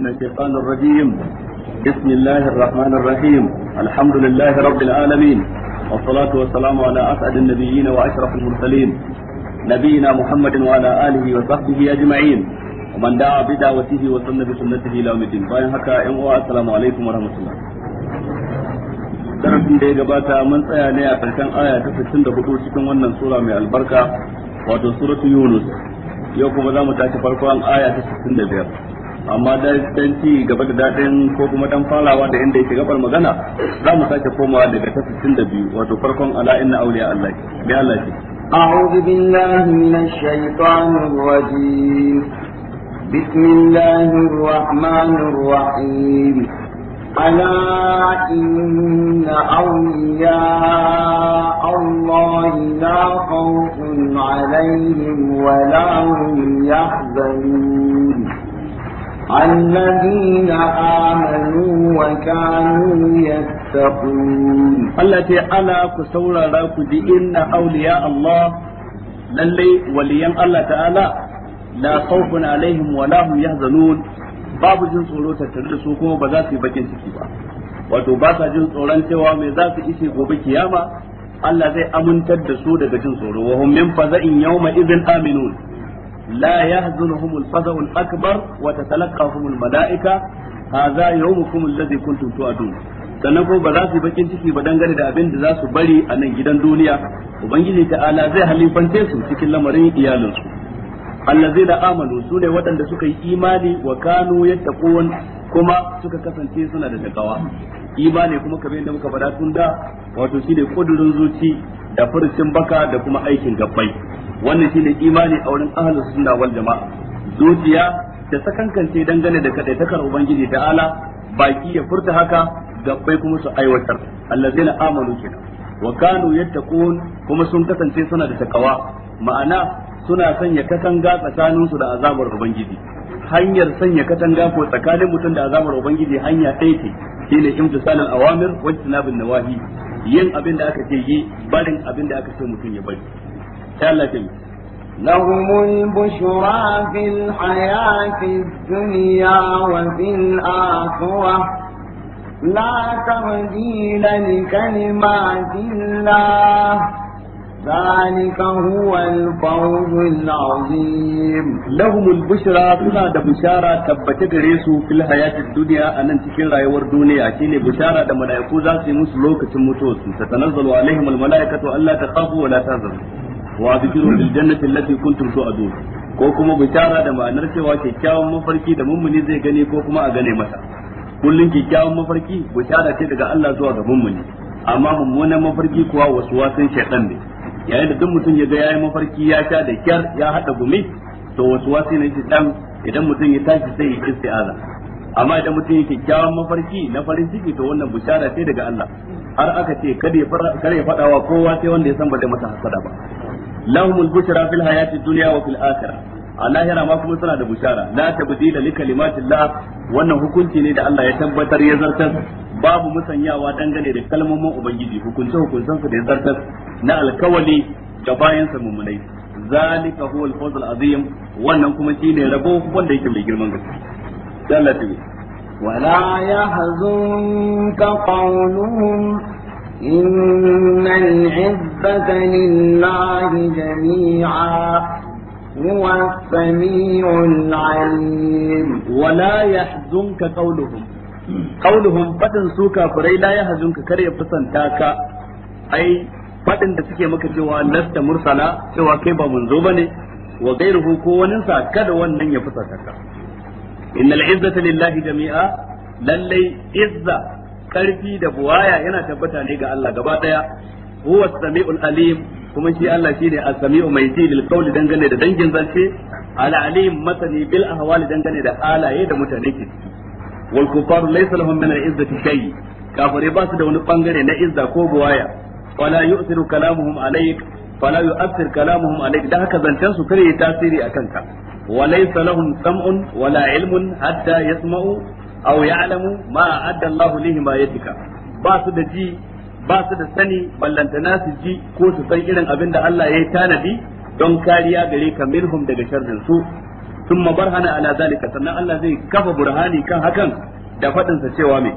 من الشيطان الرجيم بسم الله الرحمن الرحيم الحمد لله رب العالمين والصلاة والسلام على أسعد النبيين وأشرف المرسلين نبينا محمد وعلى آله وصحبه أجمعين ومن دعا بدعوته وسن بسنته إلى يوم الدين باين هكا السلام عليكم ورحمة الله darasin da ya gabata mun tsaya ne a karshen aya ta 64 cikin wannan sura mai albarka wato suratu yunus yau kuma za mu tashi farkon aya ta 65 amma da dan ci gaba da dadin ko kuma dan farawa da inda yake gabar magana za mu sake komawa daga ta 62 wato farkon ala inna awliya Allah bi Allah ce a'udhu billahi minash الشيطان الرجيم بسم الله الرحمن الرحيم ألا إن أولياء الله لا خوف عليهم ولا هم يحزنون الذين آمنوا وكانوا يتقون التي ألا كسورة راكد إن أولياء الله للي وليا الله تعالى لا خوف عليهم ولا هم يحزنون babu jin tsoro tattare da su kuma ba za su yi bakin ciki ba wato ba sa jin tsoron cewa mai za su ishe gobe kiyama Allah zai amintar da su daga jin tsoro wa hum min faza'in yawma idhin aminun لا يهزنهم الفزع الأكبر وتتلقاهم الملائكة هذا يومكم الذي كنتم توعدون sannan kuma ba za su yi bakin ciki ba dangane da abin da za su bari a nan gidan duniya ubangiji ta'ala zai halifance su cikin lamarin iyalinsu allazi da amalu su ne waɗanda suka yi imani wa kanu kowa kuma suka kasance suna da takawa imani kuma kamar yadda muka faɗa tun da wato ne kudurin zuci da furucin baka da kuma aikin gabbai wannan shine imani a wurin ahlus sunna wal jama'a zuciya ta sakankance dangane da kaɗaitakar ubangiji ala, baki ya furta haka bai kuma su aiwatar allazina amanu kenan wa kanu yattaqun kuma sun kasance suna da takawa ma'ana suna sanya katanga tsakanin da azabar ubangiji hanyar sanya katanga ko tsakanin mutum da azabar ubangiji hanya ɗaya ce shine imtisalul awamir wa nawahi yin abin da aka ce yi barin abin da aka ce mutum ya bari لهم البشرى في الحياة الدنيا وفي الآخرة لا تبديل لكلمات الله ذلك هو الفوز العظيم لهم البشرى سنة بشارة تبت غريسو في الحياة الدنيا أن تكين رأي وردوني أتيني بشارة دم لا يقوزا سيموس لوكة موتوس تتنزل عليهم الملائكة ألا تخافوا ولا تهزموا wa bishiru bil jannati allati kuntum tu'adu ko kuma bishara da ma'anar cewa kyakkyawan mafarki da mummuni zai gani ko kuma a gane masa kullun kyakkyawan mafarki bishara ce daga Allah zuwa ga mummuni amma mummunan mafarki kuwa wasu wasan shaytan ne yayin da duk mutum ya ga yayi mafarki ya sha da kyar ya hada gumi to wasu wasi ne dan idan mutum ya tashi sai ya isti'aza amma idan mutum ya kyakkyawan mafarki na farin ciki to wannan bishara ce daga Allah har aka ce kada ya fada wa kowa sai wanda ya san ba zai masa hasada ba lahumul bushra fil hayati duniya wa fil akhirah a lahira ma kuma suna da bushara la tabdila li kalimatillah wannan hukunci ne da Allah ya tabbatar ya zartar babu musanyawa dangane da kalmomin ubangiji hukunce hukuncensa da ya zartar na alkawali ga bayansa mummunai zalika huwa al azim wannan kuma shine rabo wanda yake mai girman gaske Allah ta ولا يحزنك قولهم إن العزة لله جميعا هو السميع العليم ولا يحزنك قولهم قولهم فتن سوكا فري لا يحزنك كري فتن تاكا أي فتن تسكي مكة سوى لست مرسلا سوى كيبا منذوبني وغيره كوننسا كذا ونن يفتن تاكا إن العزة لله جميعا للي إذا karfi da buwaya yana tabbata ne ga Allah gaba daya huwa samiul alim kuma shi Allah shine as-sami'u mai ji kauli qawli dangane da dangin zance al alim masani bil ahwali dangane da halaye da mutane ke wal kufar laysa lahum min al izzati shay kafare ba su da wani bangare na izza ko buwaya wala yu'thiru kalamuhum alayk fala yu'athir kalamuhum alayk da haka zancen su kare tasiri akan ka وليس sam'un, wala ilmun, علم حتى يسمعوا aw ya'lamu ma adda Allahu lihi ma yatika ba su da ji ba su da sani ballanta su ji ko su san irin abin da Allah ya yi tanadi don kariya gare ka minhum daga sharrin su ثم barhana ala zalika sannan Allah zai kafa burhani kan hakan da fadin sa cewa me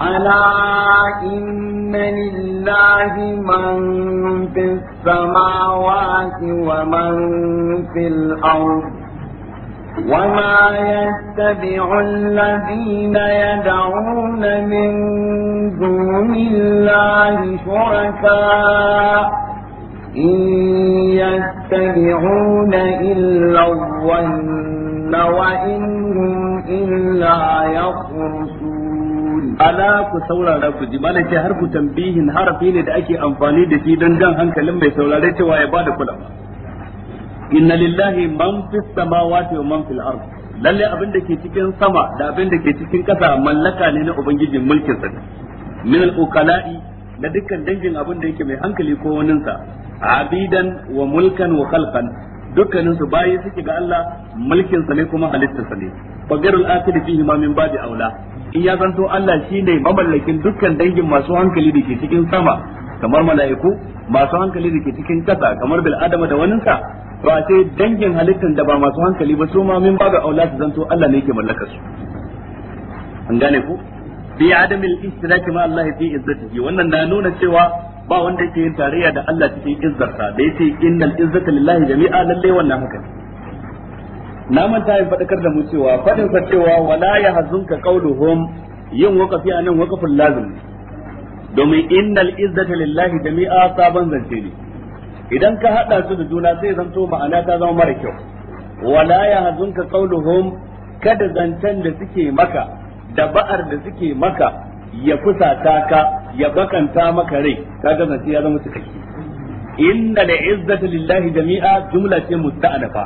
ala inna lillahi man fis samawati wa man fil ardh وما يتبع الذين يدعون من دون الله شركاء إن يتبعون إلا الظن وإن هم إلا يخرصون ألا كسولا لكم جبالة حرف تنبيه حرفين دأكي أنفاني دكي دنجان لما يسولة لكي ويبادك لكم inna lillahi man fis samawati wa man fil ard lalle abin da ke cikin sama da abin da ke cikin kasa mallaka ne na ubangijin mulkin sa min al ukala'i na dukkan dangin abin da yake mai hankali ko waninsa abidan wa mulkan wa khalqan dukkanin su bayi suke ga Allah mulkin sa ne kuma halittar sa ne fa al akil fihi ma min ba'di aula in ya zanto Allah shine mamallakin dukkan dangin masu hankali da ke cikin sama kamar mala'iku masu hankali da ke cikin kasa kamar bil adama da waninsa ba sai dangin halittar da ba masu hankali ba su ma min babu aula su zanto Allah ne yake mallakar su an gane ku bi adamil istiraki ma Allah fi izzatihi wannan na nuna cewa ba wanda yake yin tarayya da Allah cikin izzarsa da yace innal izzata lillahi jami'a lalle wannan haka na manta yin fadakar da mu cewa fadin sa cewa wala yahzunka qawluhum yin waqafi anan waqaful lazim domin innal izzata lillahi jami'a sabon zance ne idan ka hada su da juna sai zanto ma'ana ta zama mara kyau wala ya hazunka qauluhum kada zantan da suke maka da ba'ar da suke maka ya fusata ka ya bakanta maka rai kaga zance ya zama cikakke inna da izzata lillahi jami'a jumla ce musta'anafa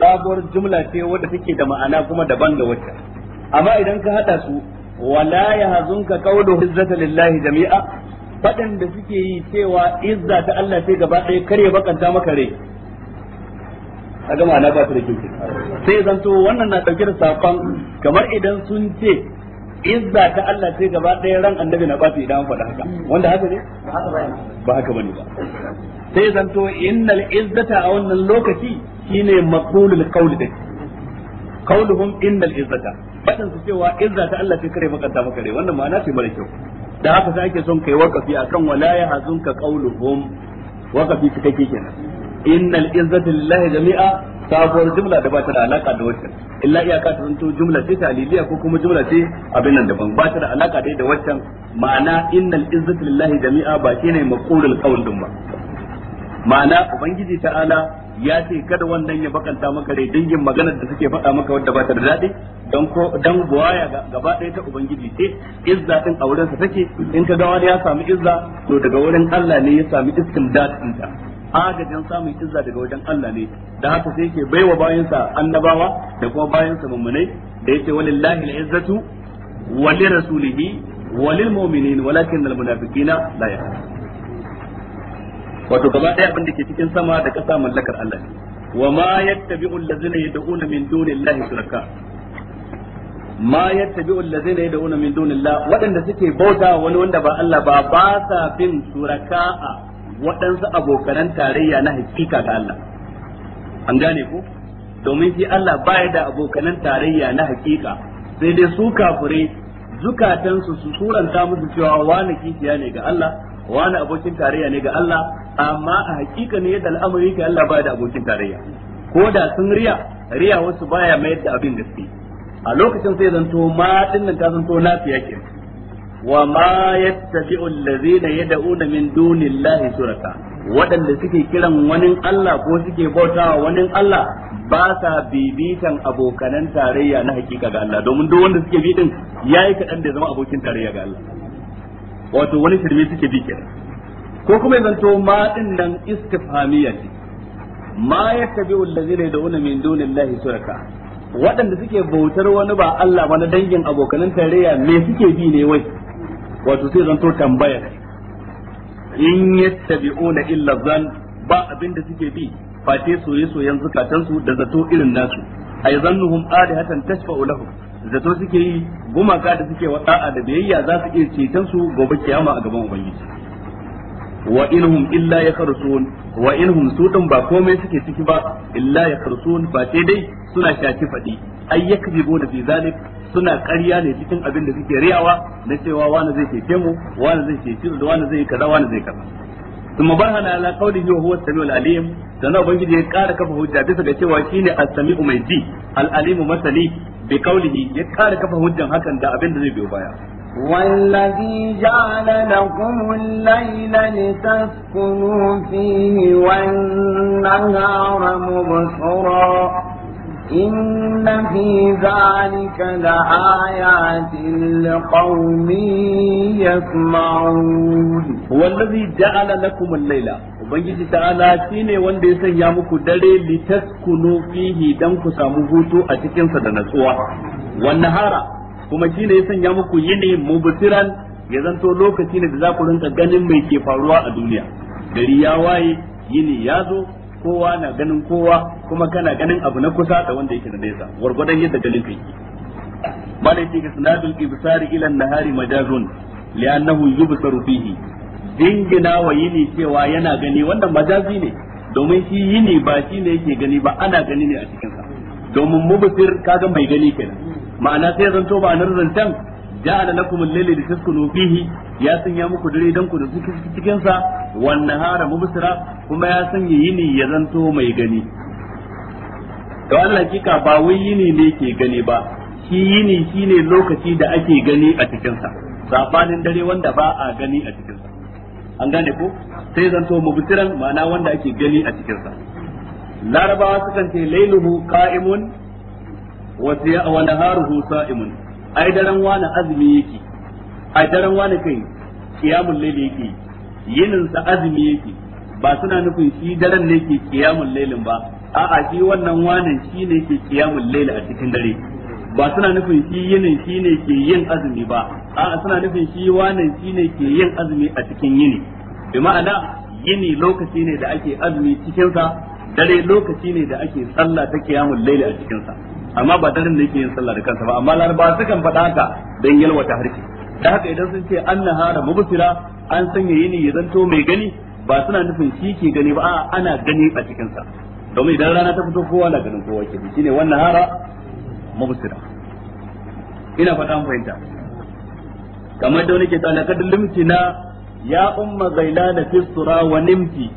sabuwar jumla ce wadda take da ma'ana kuma daban da wacce amma idan ka hada su wala ya hazunka qauluhum izzata lillahi jami'a da suke yi cewa izza ta Allah sai gaba ɗaya kare bakanta maka rai a gama na ba su da kyau sai zanto wannan na ɗauke da saƙon kamar idan sun ce izza ta Allah sai gaba ɗaya ran annabi na su idan an faɗa haka wanda haka ne ba haka bane ba sai zanto innal izzata a wannan lokaci shine maqulul qawl da kauluhum innal izzata fadin su cewa izza ta Allah sai kare bakanta maka rai wannan ma'ana ce mara kyau da haka sai ake son kai wakafi akan wala ya hazunka qauluhum wakafi kike kenan innal izzati lillahi jami'a sabuwar jumla da ba ta da alaka da waccan illa iyaka ta zanto jumla ce ta aliliya ko kuma jumla ce abin nan daban ba ta da alaka dai da waccan ma'ana innal izzati lillahi jami'a ba shine maqulul qaul din ba ma'ana ubangiji ta'ala ya ce kada wannan ya bakanta maka dai dangin maganar da suke faɗa maka wadda ba ta da daɗi don ko dan buwaya gaba ɗaya ta ubangiji ce izza din a wurin sa take in ka ga wani ya samu izza to daga wurin Allah ne ya samu istimdad din ta agajin samun izza daga wajen Allah ne da haka sai yake baiwa bayansa annabawa da kuma bayansa mummunai da yake walillahi al'izzatu izzatu wa lirasulihi وللمؤمنين la المنافقين wato gaba ɗaya abin da ke cikin sama da ƙasa mallakar Allah ne wa ma yattabi'u allazina yad'una min dunillahi shuraka ma yattabi'u allazina yad'una min dunillahi waɗanda suke bauta wani wanda ba Allah ba ba sa bin shuraka'a waɗansu abokan tarayya na hakika ga Allah an gane ko domin shi Allah baya da abokan tarayya na hakika sai dai su kafure, zukatansu su suranta musu cewa wani kishiya ne ga Allah wani abokin tarayya ne ga Allah amma a hakika ne yadda al'amari ga Allah baya da abokin tarayya ko da sun riya riya wasu baya mayar da abin da gaske a lokacin sai zanto ma dinnan ta zanto lafiya ke wa ma yattabi'u allazina yad'una min dunillahi suraka waɗanda suke kiran wani Allah ko suke bautawa wani Allah ba sa bibitan abokanan tarayya na hakika ga Allah domin duk wanda suke bi din yayi kadan da zama abokin tarayya ga Allah wato wani shirme suke bi kenan ko kuma zanto ma din nan istifhamiyya ce ma yattabi'u da yad'una min dunillahi suraka waɗanda suke bautar wani ba Allah ba na dangin abokanin tarayya me suke bi ne wai wato sai zanto tambaya in yattabi'una illa zan ba abin da suke bi fate soye-soyen zukatansu da zato irin nasu ay zannuhum alihatan tashfa'u lahum zato suke yi gumaka da suke wa da'a da biyayya za su iya ceton su gobe kiyama a gaban ubangiji wa inhum illa yakrusun wa inhum sudun ba komai suke ciki ba illa yakrusun ba sai dai suna shaki fadi ay yakzibu da fi zalik suna ƙarya ne cikin abin da suke riyawa na cewa wani zai ceke mu wani zai cece da wani zai kaza wani zai kaza ثم برهن على قوله وهو السميع العليم sannan ubangiji ya kara kafa hujja bisa ga cewa shine as-sami'u mai ji al masani masali bi qawlihi ya ƙara kafa hujja hakan da abinda zai biyo baya والذي جعل لكم الليل لتسكنوا فيه والنهار مبصرا إن في ذلك لآيات لقوم يسمعون هو الذي جعل لكم الليل ubangiji ta'ala shine wanda ya sanya muku dare litaskunu fihi dan ku samu hutu a cikin sa da natsuwa wan nahara kuma shine ya sanya muku yini mubsiran ya zanto lokaci ne da za ku rinka ganin mai ke faruwa a duniya gari ya waye yini ya zo kowa na ganin kowa kuma kana ganin abu na kusa da wanda yake da nesa gwargwadon yadda ganin kai malai ga sanadul ibsari ila nahari majazun li'annahu yubsaru fihi dingina wa yini cewa yana gani wannan majazi ne domin shi yini ba shi ne yake gani ba ana gani ne a cikinsa, domin mubsir kaga mai gani kenan ma'ana sai zanto ba nan zantan ja'ala lakum al-layla litaskunu fihi ya sanya muku dare dan ku da suke cikin sa wan kuma ya sanya yini ya zanto mai gani to Allah kika ba wai yini ne ke gani ba shi yini shine lokaci da ake gani a cikin sa sabanin dare wanda ba a gani a cikin sa an gane ko sai zanto mubtiran ma'ana wanda ake gani a cikin sa larabawa sukan ce lailuhu qa'imun wa siya wa naharuhu sa'imun ai daren wani azumi yake ai daren wani kai qiyamul layli yake yinin sa azumi yake ba suna nufin shi daren ne ke qiyamul laylin ba a'a shi wannan wani shi ne ke qiyamul layli a cikin dare ba suna nufin shi yinin shi ne ke yin azumi ba a'a suna nufin shi wanan shi ne ke yin azumi a cikin yini bi ma'ana yini lokaci ne da ake azumi cikin sa dare lokaci ne da ake sallah ta kiyamul laili a cikin sa amma ba daren da yake yin sallah da kansa ba amma laraba sukan faɗa haka dan ta harki da haka idan sun ce an nahara mubsira an sanya yini ya zanto mai gani ba suna nufin shi ke gani ba a'a ana gani a cikin sa domin idan rana ta fito kowa na ganin kowa ke shine wannan hara mabusira ina fata an fahimta kamar da wani ke kada limti na ya umma zaila da fistura wa nimti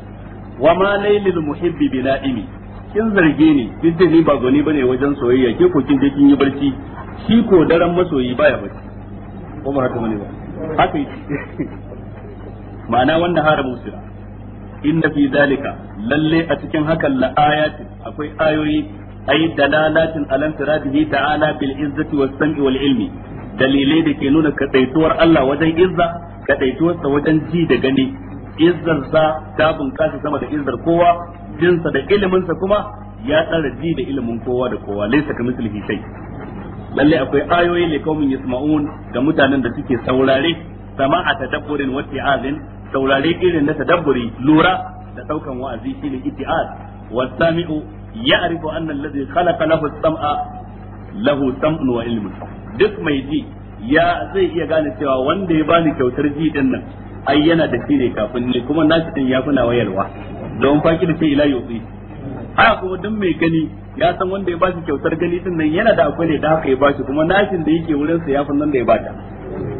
wa ma laylil muhibbi bi imi kin zarge ni duk da ni ba goni bane wajen soyayya ke ko kin je kin yi barci shi ko daren masoyi baya barci ko ba haka bane ba haka ma'ana wannan hara musira inda fi zalika lalle a cikin hakan la ayati akwai ayoyi ay dalalatin ala intiradihi ta'ala bil izzati was sam'i wal ilmi dalilai da ke nuna kadaituwar Allah wajen izza kadaituwarsa wajen ji da gani izzarsa ta bunkasa sama da izzar kowa jinsa da iliminsa kuma ya tsara ji da ilimin kowa da kowa laisa ka mislihi shay akwai ayoyi ne kaumin da mutanen da suke saurare sama'a tadabburin wa ti'azin saurare irin na tadabburi lura da daukan wa'azi shine iti'az wasami'u ya'rifu anna allazi khalaqa lahu as-sam'a lahu sam'un wa ilmun duk mai ji ya zai iya gane cewa wanda ya bani kyautar ji din nan ai yana da shi ne kafin ne kuma nashi din ya fi na wayarwa don faki da ila yuzi haka kuma duk mai gani ya san wanda ya bashi kyautar gani din nan yana da akwai ne da haka ya bashi kuma nashin da yake wurin sa ya fi nan da ya bata.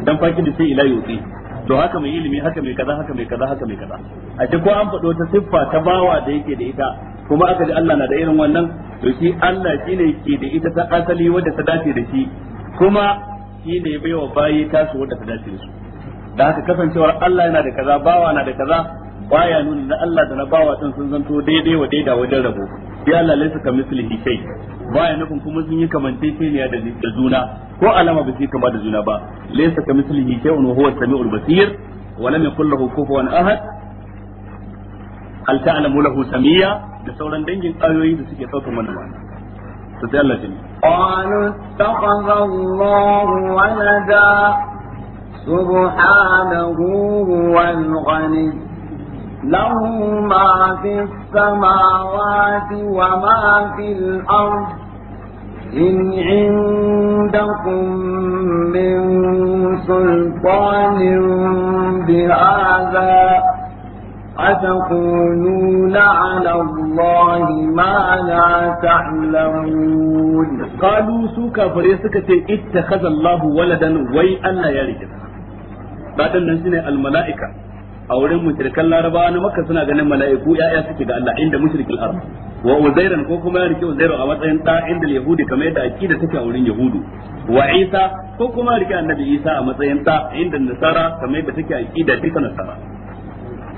Don dan faki da ila yuzi to haka mai ilimi haka mai kaza haka mai kaza haka mai kaza a ce ko an faɗo ta siffa ta bawa da yake da ita kuma aka ji Allah na da irin wannan to shi Allah shine ke da ita ta asali wanda ta dace da shi kuma shi ne bai wa bayi tasu wadda ta dace da su da haka kasancewar Allah yana da kaza bawa na da kaza baya nuna na Allah da na bawa din sun zanto daidai wa daida wajen rabo ya Allah laysa ka mislihi shay baya nufin kuma sun yi kamantaceniya da da juna ko alama ba su kama da juna ba laisa ka mislihi shay'un wa huwa samiul basir wa lam yakul lahu kufuwan ahad هل تعلم له سميا بسورة دنجن قالوا إيه بسكي صوت من الوان تدعي الله جميع قالوا اتخذ الله ولدا سبحانه هو الغني له ما في السماوات وما في الأرض إن عندكم من سلطان بهذا أتقولون على الله ما لا تعلمون قالوا سوكا فريسكة اتخذ الله ولدا وي ألا يرجع بعد نزل الملائكة a wurin mushrikan larabawa na makka suna ganin mala'iku ya'ya suke ga Allah inda mushrikil arab wa uzairan ko kuma ya rike uzairu a matsayin da inda yahudi kamar yadda akida take a wurin yahudu wa isa ko kuma ya rike annabi isa a matsayin inda nasara kamar yadda take akida take nasara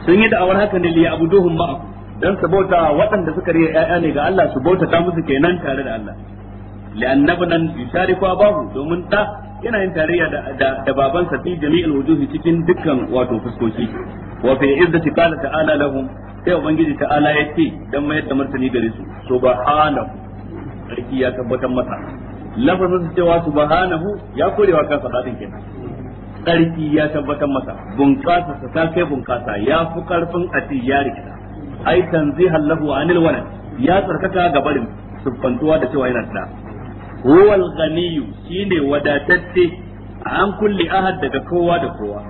sun yi da'awar haka ne liya abuduhum ma'a dan su bauta waɗanda suka riya yaya ne ga Allah su bauta ta musu kenan tare da Allah li'annabnan ko abahu domin da yana yin tarayya da baban babansa fi jami'il wujuhi cikin dukkan wato fuskoki wa fi izzati qala ta'ala lahum sai ubangiji ta'ala ya ce dan mayar da martani gare su subhanahu sarki ya tabbatar masa lafazin cewa subhanahu ya korewa kansa dadin kenan Ƙarfi ya tabbatar masa bunƙasa sa ta kai bunƙasa ya fi karfin a ce ya rikita ai tanzihan lahu anil walad ya tsarkaka ga barin siffantuwa da cewa yana da huwal ghaniyu shine wadatacce an kulli ahad daga kowa da kowa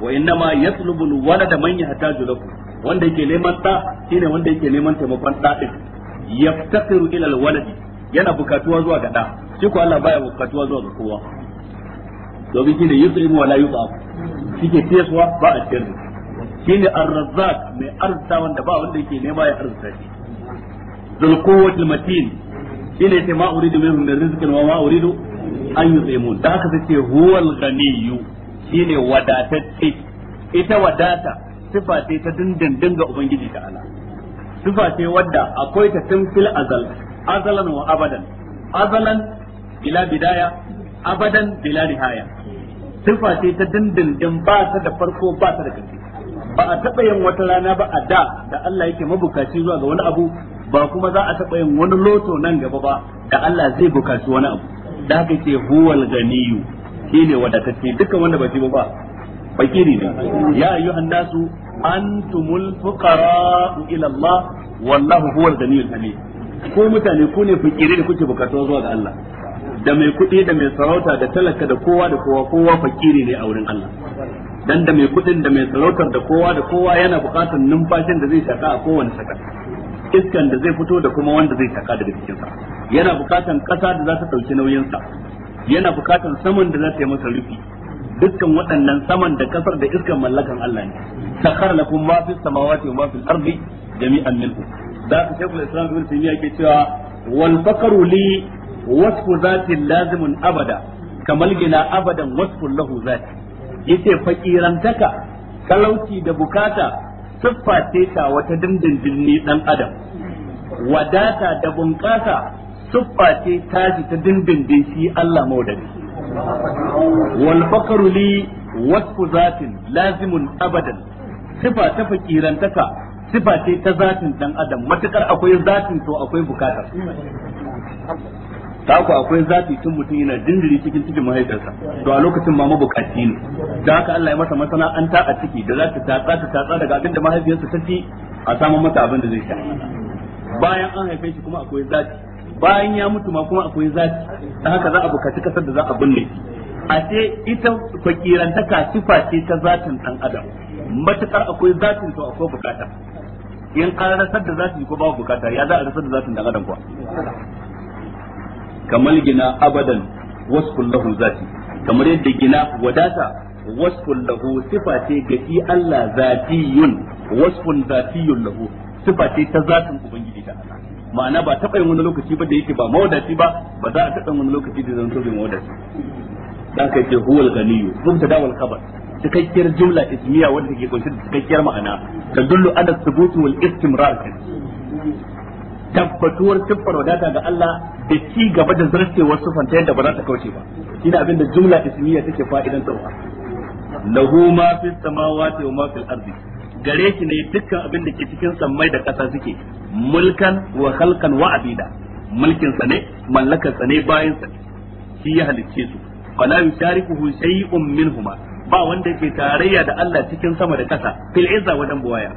wa ya yatlubu walada man yahtaju lahu wanda yake neman ta shine wanda yake neman taimakon da din yaftaqiru ila al waladi yana bukatuwa zuwa ga da shi ko Allah baya bukatuwa zuwa ga kowa domin ne yut'imu wa la yut'am shike tiyaswa ba a ciyar da shine ar arzak mai arzuta wanda ba wanda yake nema ya arzuta shi zul quwwatil matin ne. ce ma uridu minhum min rizikin wa ma uridu an mun da aka sace huwal Shi ne wadatacce ita wadata sifa ce ta dindindin ga ubangiji ala sifa ce wadda akwai ta tun fil azal azalan wa abadan azalan bila bidaya abadan bila nihaya sifa ce ta dindindin ba ta da farko ba ta da ƙarshe ba a taɓa yin wata rana ba a da da Allah yake mabukaci zuwa ga wani abu ba kuma za a taɓa yin wani loto nan gaba ba da Allah zai bukaci wani abu da haka ce huwal ganiyu shine wadatacce dukkan wanda ba shi ba fakiri ne ya ayyuhan nasu antumul fuqara ila Allah wallahu huwal ganiyul hamid ko mutane ku ne fakire da kuke bukatuwa zuwa ga Allah da mai kuɗi da mai sarauta da talaka da kowa da kowa kowa fakiri ne a wurin Allah dan da mai kuɗin da mai sarautar da kowa da kowa yana buƙatar numfashin da zai shaka a kowane saka iskan da zai fito da kuma wanda zai shaka daga cikin sa yana buƙatar ƙasa da za ta ɗauki nauyin sa yana buƙatar saman da za ta yi masa rufi dukkan waɗannan saman da kasar da iskan mallakan Allah ne sakar lakum ma fis samawati wa ma fil ardi jami'an minhu da ka shekul islam ibn taymiya ke cewa wal faqru li wasfu zati lazimun abada kamar gina abadan wasfu lahu zati yace fakirantaka talauci da bukata siffa ce ta wata dindindin ne adam wadata da bunƙasa siffa ce ta ji ta dindindin shi Allah maudani wal faqru li wasfu zatin lazimun abadan sifa ta fakirantaka sifa ce ta zatin dan adam matukar akwai zatin to akwai bukatar ta ku akwai zafi tun mutum yana dindiri cikin cikin mahaifarsa to a lokacin ma mabukaci ne da haka Allah ya masa masana'anta a ciki da za ta tatsa ta tatsa daga abin da mahaifiyarsa ta ci a samu mata abin da zai sha bayan an haife shi kuma akwai zafi bayan ya mutu ma kuma akwai zafi da haka za a bukaci kasar da za a binne a ce ita fakirantaka sifa ce ta zatin dan adam matukar akwai zatin to akwai bukata in an rasar da zatin ko babu bukata ya za a rasar da zatin dan adam kuwa kamal gina abadan wasfun lahu zati kamar yadda gina wadata wasfun lahu sifa ce ga shi Allah zatiyun wasfun zatiyun lahu sifa ce ta zatin ubangiji ta ma'ana ba taɓa yin wani lokaci ba da yake ba mawadaci ba ba za a taɓa wani lokaci da zanto bai mawadaci dan kai ce huwal ganiyu ta dawal khabar cikakkiyar jumla ismiya wanda take kunshe da cikakkiyar ma'ana tadullu ala thubuti wal istimrar tabbatuwar siffar wadata ga Allah da ci gaba da zartewar siffar ta yadda ba za ta kauce ba shine abin da jumla ismiya take fa'idan tsawa lahu ma fis samawati wa ma fil ardi gare shi ne dukkan abin da ke cikin sammai da ƙasa suke mulkan wa khalqan wa abida mulkin sa ne mallakar sa ne bayan sa shi ya halicce su fala yusharikuhu shay'un minhuma ba wanda ke tarayya da Allah cikin sama da ƙasa fil izza wa buwaya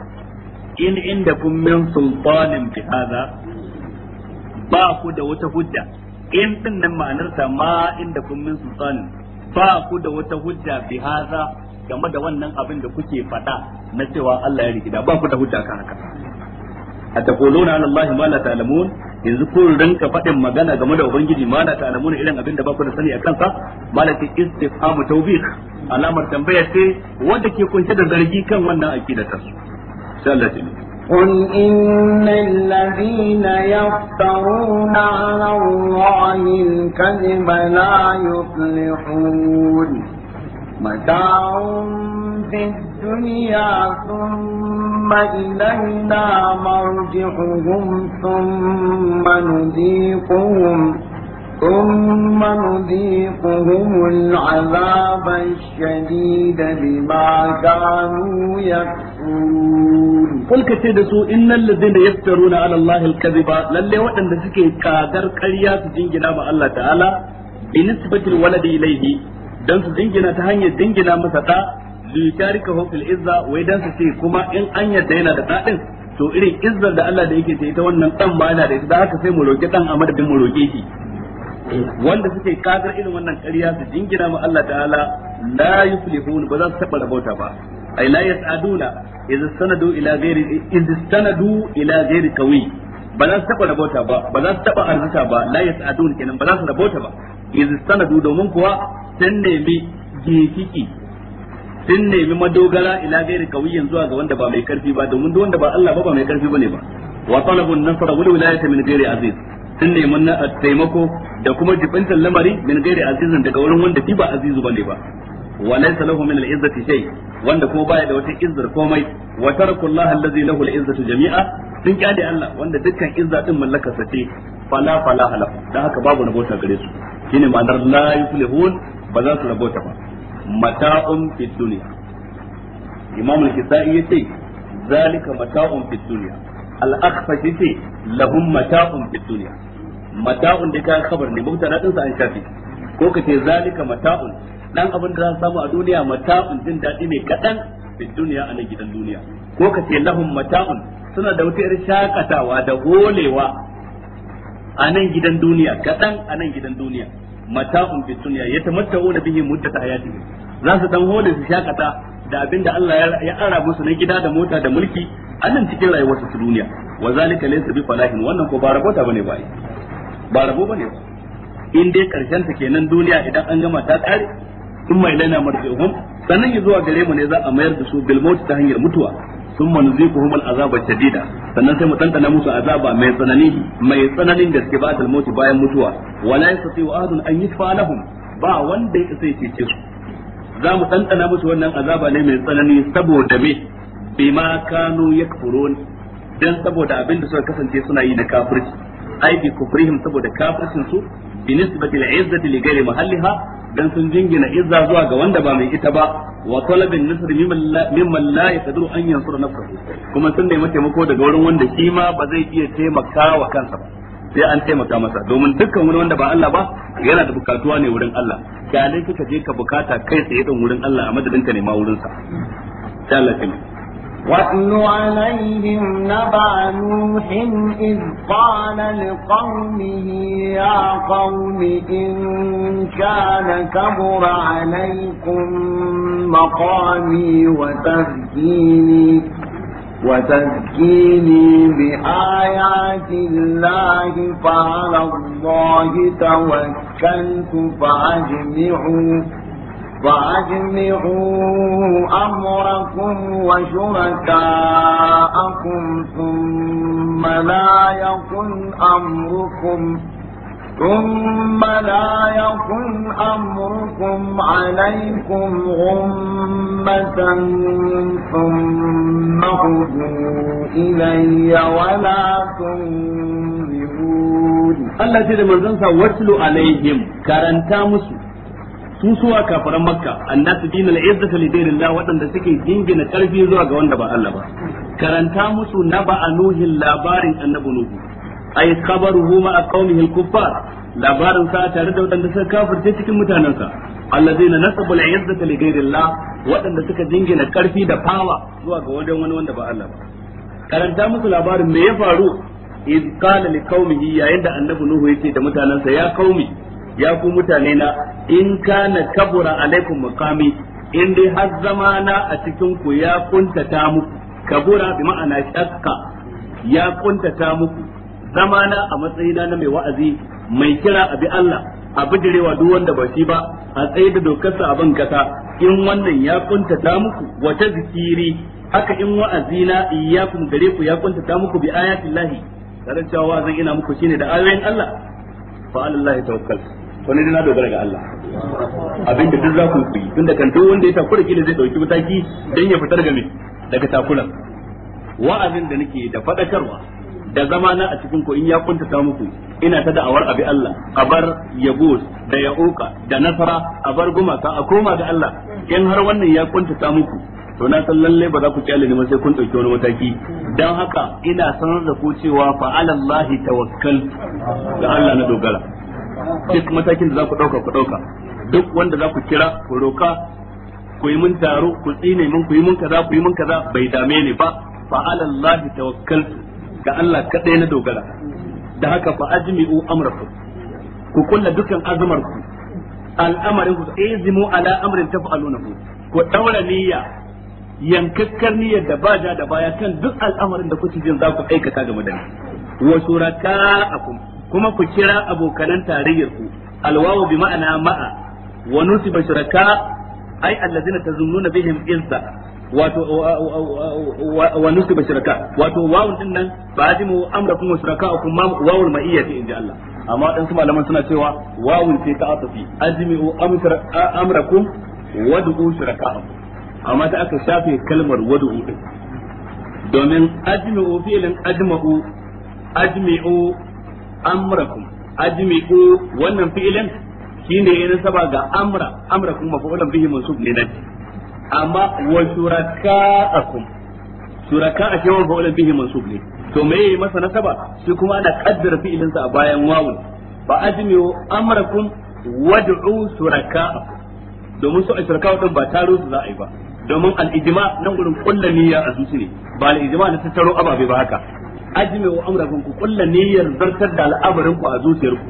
in inda kun min sultanin fi hada ba ku da wata hujja in din nan ma'anarta ma kun min sultanin ba ku da wata hujja fi hada game da wannan abin da kuke faɗa na cewa Allah ya da ba ku da hujja kan haka a taquluna ala allahi ma la ta'lamun yanzu kun rinka faɗin magana game da ubangiji ma la ta'lamun irin abin da ba ku da sani a kansa malaki istifhamu tawbih alamar tambaya ce wanda ke kunshe da zargi kan wannan aqidar ta su sai Allah ya قل إن الذين يفترون على الله الكذب لا يفلحون متاع في الدنيا ثم إلينا مرجعهم ثم نذيقهم ثم نذيقهم العذاب الشديد بما كانوا يكفرون قل كتير سوء إن الذين يفترون على الله الكذب للي وأن سكي كادر قريات جنجنا مع الله تعالى بنسبة الولد إليه dan su dingina ta hanyar dingina masa ta litarika hukul izza wai dan su ce kuma in an yadda yana da ɗaɗin to irin izzar da Allah da yake ta wannan ɗan ba da ita sai mu roki ɗan a madadin mu shi wanda suke kadar irin wannan ƙarya su jingina ma Allah ta'ala la yuflihun ba za su taba rabauta ba ay la yas'aduna idza sanadu ila ghairi idza sanadu ila ghairi kawi ba za su taba rabauta ba ba za su taba arzuta ba la yas'adun kenan ba za su rabauta ba idza sanadu domin kuwa sun nemi gefiki sun nemi madogara ila ghairi qawiyin zuwa ga wanda ba mai karfi ba domin duk wanda ba Allah ba ba mai karfi bane ba wa talabun nasra wal wilayata min ghairi aziz sun nemi taimako da kuma jibintar lamari min gairi azizin daga wurin wanda shi ba azizu bane ba wa laysa lahu min al-izzati shay wanda ko baya da wata izzar komai wa taraku Allah allazi lahu al-izzatu jami'a sun kyade Allah wanda dukkan izza din mallaka sa ce fala fala hala dan haka babu rabota gare su shine ma'anar la yuflihun ba za su rabota ba mata'un fid dunya imam al-kisai yace zalika mata'un fid dunya al-akhfashi ce lahum mata'un fid dunya mata'un da ka khabar ne mubtada din sa an shafi ko ka ce zalika mata'un dan abin da za samu a duniya mata'un jin dadi ne kadan fid dunya a gidan duniya ko ka ce lahum mata'un suna da wata irin shakatawa da golewa a nan gidan duniya kadan a nan gidan duniya mata'un fid dunya da bihi muddat hayatihim za su dan hole su shakata da abinda Allah ya ara musu na gida da mota da mulki annan cikin rayuwarsa ta duniya wa zalika laysa bi falahin wannan ko ba ta bane ba ba rabo bane in dai karshen ta kenan duniya idan an gama ta kare mai ilaina marji'uhum sannan ya zuwa gare mu ne za a mayar da su bil maut ta hanyar mutuwa thumma ku al azaba shadida sannan sai mu tantana musu azaba mai tsanani mai tsananin da suke al mauti bayan mutuwa wala yastati'u wa'adun an yi lahum ba wanda ya sai ce su za mu tantana musu wannan azaba ne mai tsanani saboda me bima kanu yakfurun dan saboda abin da suka kasance suna yi na kafirci ai bi kufrihim saboda kafircin su bi nisbati al-izzati li ghairi mahalliha dan sun jingina izza zuwa ga wanda ba mai ita ba wa talabin nasr mimman la yaqdiru an yansura nafsahu kuma sun nemi taimako daga wurin wanda shi ma ba zai iya taimakawa kansa ba sai an taimaka masa domin dukkan wani wanda ba Allah ba yana da bukatuwa ne wurin Allah kyalai kika je ka bukata kai tsaye don wurin Allah a madadin ka ne ma wurin sa sai Allah واتل عليهم نبع نوح إذ قال لقومه يا قوم إن كان كبر عليكم مقامي وتذكيني وتذكيني بآيات الله فعلى الله توكلت فأجمعوا فأجمعوا أمركم وشركاءكم ثم لا يكن أمركم ثم لا يكن أمركم عليكم غمة ثم خذوا إلي ولا تنظرون الله جل من ذنسى واتل عليهم كرنتا مسلم su suwa kafiran makka annasu dina al'izzata li ghairillah wadanda suke dingina karfi zuwa ga wanda ba Allah ba karanta musu naba anuhin labarin annabu nuhu ay khabaruhu ma qaumihi al-kuffar labarin sa tare da wadanda suka kafirce cikin mutanansa allazina nasabu al'izzata li ghairillah wadanda suka dingina karfi da fawa zuwa ga wajen wani wanda ba Allah ba karanta musu labarin me ya faru iz qala li qaumihi yayin da annabu nuhu yace da mutanansa ya qaumi ya ku mutane na in kana kabura alaikum maqami in dai har zamana a cikin ku ya kuntata muku kabura bi ma'ana shakka ya kuntata muku Zamana a matsayina na mai wa'azi mai kira abi Allah a bidirewa duk wanda ba shi ba a tsaye da dokar a ban kasa in wannan ya kuntata muku wata zikiri haka in wa'azina iyyakum gare ku ya kuntata muku bi ayatillahi tare zan ina muku shine da ayoyin Allah fa alallahi tawakkal Wani ne na dogara ga Allah abin da duk za ku yi da kan duk wanda ya takura kila zai dauki mataki dan ya fitar ga me daga takuran wa'azin da nake da fadakarwa da zama na a cikin ku in ya ta muku ina ta da'awar abi Allah a bar yabus da ya'uka da nasara a bar gumaka a koma ga Allah in har wannan ya ta muku to na san lalle ba za ku kyale ni sai kun dauki wani mataki dan haka ina sanar da ku cewa fa alallahi tawakkal ga Allah na dogara duk matakin da za ku ɗauka ku ɗauka duk wanda za ku kira ku roka ku yi mun taro ku tsine mun ku yi mun kaza ku yi mun kaza bai dame ni ba fa ala Allah tawakkaltu ga Allah kadai na dogara da haka fa ajmi'u amrakum ku kulla dukkan azumar ku al'amarin ku izimu ala amrin taf'alunahu ku daura niyya yankakkar niyyar da ba da baya kan duk al'amarin da kuke jin za ku aikata game da ni wa akum kuma ku kira abokanan tarayyar ku alwawu bi ma'ana ma'a wa nusiba shuraka ai allazina tazunnuna bihim ilza wato wa nusiba shuraka wato wawun din nan ba mu amrakum wa shurakaakum ma wawul ma'iyya ce inji Allah amma dan su malaman suna cewa wawun ce ta asafi amra ku? wad'u shurakaakum amma ta aka shafe kalmar wad'u din domin ajmi'u fi'lan ajma'u ajmi'u amrakum ajmi'u wannan fi'ilin shine yana saba ga amra amrakum mafulan bihi mansub ne nan amma wa shuraka'akum shuraka a cewa fa'ulun bihi mansub ne to me yayi masa nasaba shi kuma ana kaddara fi'ilin sa a bayan wawu ba ajmi'u amrakum wad'u shuraka'akum domin su shuraka din ba taro su za a yi ba domin al-ijma nan gurin kullaniya niyya a zuci ne ba al-ijma na tattaro ababe ba haka wa amrakum ku kullu niyyar zartar da al'amarin ku a zuciyarku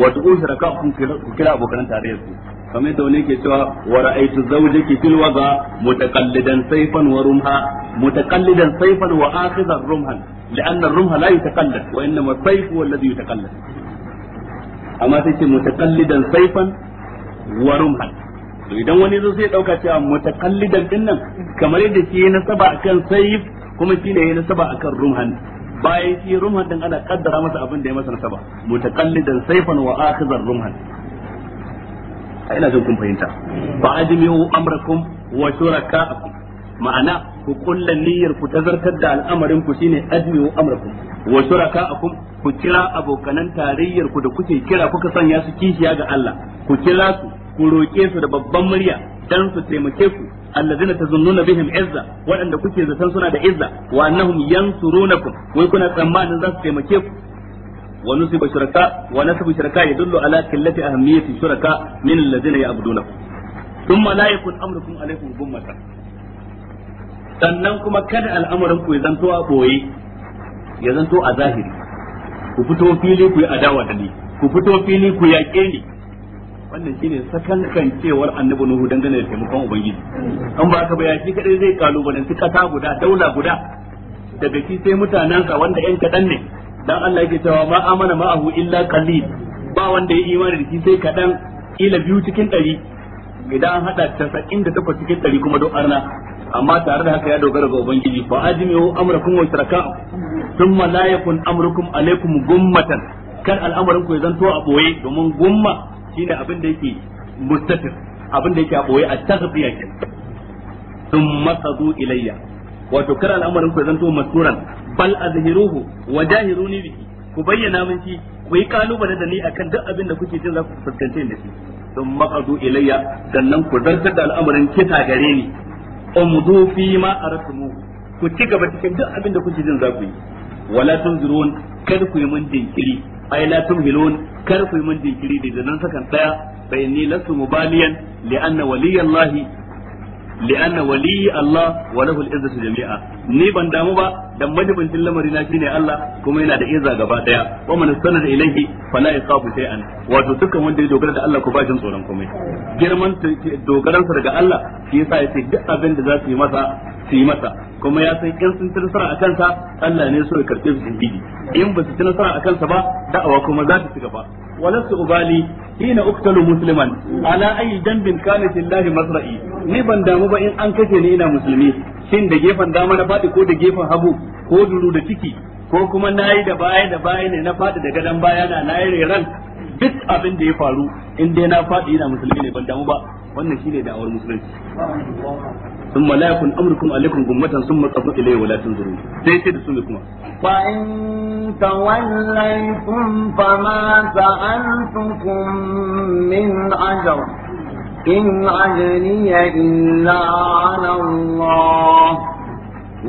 wa tu'u shirakakum ku kira abokan tarayyar ku kamar da wani ke cewa wa ra'aytu zawjaki fil waga mutaqallidan sayfan wa rumha mutaqallidan sayfan wa akhidhan rumhan لأن الرمح لا يتقلد وإنما السيف هو الذي يتقلد أما تيجي wa سيفا to idan wani zo sai dauka cewa mutakallidan din nan kamar yadda shi nasaba saba akan sayf kuma shi ne na saba akan rumhan bayan shi rumhan din ana kaddara masa abin da ya masa nasaba mutaqallidan sayfan wa akhizar rumhan A ina jin kun fahimta ba ajmiu amrakum wa shurakaakum ma'ana ku kullu niyyar ku tazartar da al'amarin ku shine ajmiu amrakum wa shurakaakum ku kira abokanan tarayyar ku da kuke kira kuka sanya su kishiya ga Allah ku kira su ku roƙe su da babban murya dan su taimake ku allazina tazunnuna bihim izza waɗanda kuke zaton suna da izza wa annahum yansurunakum wai kuna tsammanin za su taimake ku wa nusiba shuraka wa nasabu shuraka yadullu ala qillati ahammiyati shuraka min allazina ya'buduna thumma la yakun amrukum alaykum gummatan sannan kuma kada al'amarin ku ya zanto a boye ya zanto a zahiri ku fito fili ku yi adawa da ni ku fito fili ku yaƙe ni wannan shine cewar annabi nuhu dangane da taimakon ubangiji an ba ka bayani kadai zai su kasa guda daula guda daga shi sai mutanen ka wanda yan kadan ne dan Allah yake cewa ma amana ma'ahu illa qalil ba wanda ya imani da shi sai kadan ila biyu cikin dari idan an da takwas cikin dari kuma don arna amma tare da haka ya dogara ga ubangiji fa ajmiu amrakum wa shiraka thumma la yakun amrukum alaikum gummatan kan al'amarin ku ya zanto a boye domin gumma shine abin da yake mustatir abin da yake a boye a taghfiya ke Sun sadu ilayya wato kar al'amarin ku zanto masuran bal azhiruhu wa jahiruni bihi ku bayyana min shi ku yi kalubale da ni akan duk abin da kuke jin za ku fuskance da shi Sun sadu ilayya sannan ku zartar da al'amarin kisa gare ni umdu fi ma aratumu ku ci gaba cikin duk abin da kuke jin za ku yi wala tunzurun kada ku yi mun jinkiri ai la tumhilun kar ku yi mun jinkiri da nan sakan daya fa inni lastu mubaliyan li anna waliyallahi li'anna wali Allah wa lahu al-izzatu jami'a ni ban damu ba dan majibancin lamari na shine Allah kuma yana da izza gaba daya wa man sanada ilayhi fala yaqafu shay'an wato dukkan wanda ya dogara da Allah ko ba jin tsoron komai girman dogaransa daga Allah shi ya yace duk abin da za su yi masa su yi masa kuma ya san in sun ci nasara a kansa Allah ne so ya karbe su dindigi in ba su ci nasara a kansa ba da'awa kuma za ta ci gaba ولست أبالي حين أقتل مسلما على أي ذنب كانت الله ni ban damu ba in an kashe ni ina musulmi shin da gefen dama na faɗi ko da gefen hagu ko ciki ko kuma nayi da baya na faɗi da gadon baya na nayi duk abin ya faru in dai na faɗi ina musulmi ne wannan shine da awar musulunci ثم لا يكن امركم عليكم غمة ثم قضوا اليه ولا تنظرون sai sai da su ne kuma fa in tawallaytum fama sa'altukum min ajr in ajri illa 'ala Allah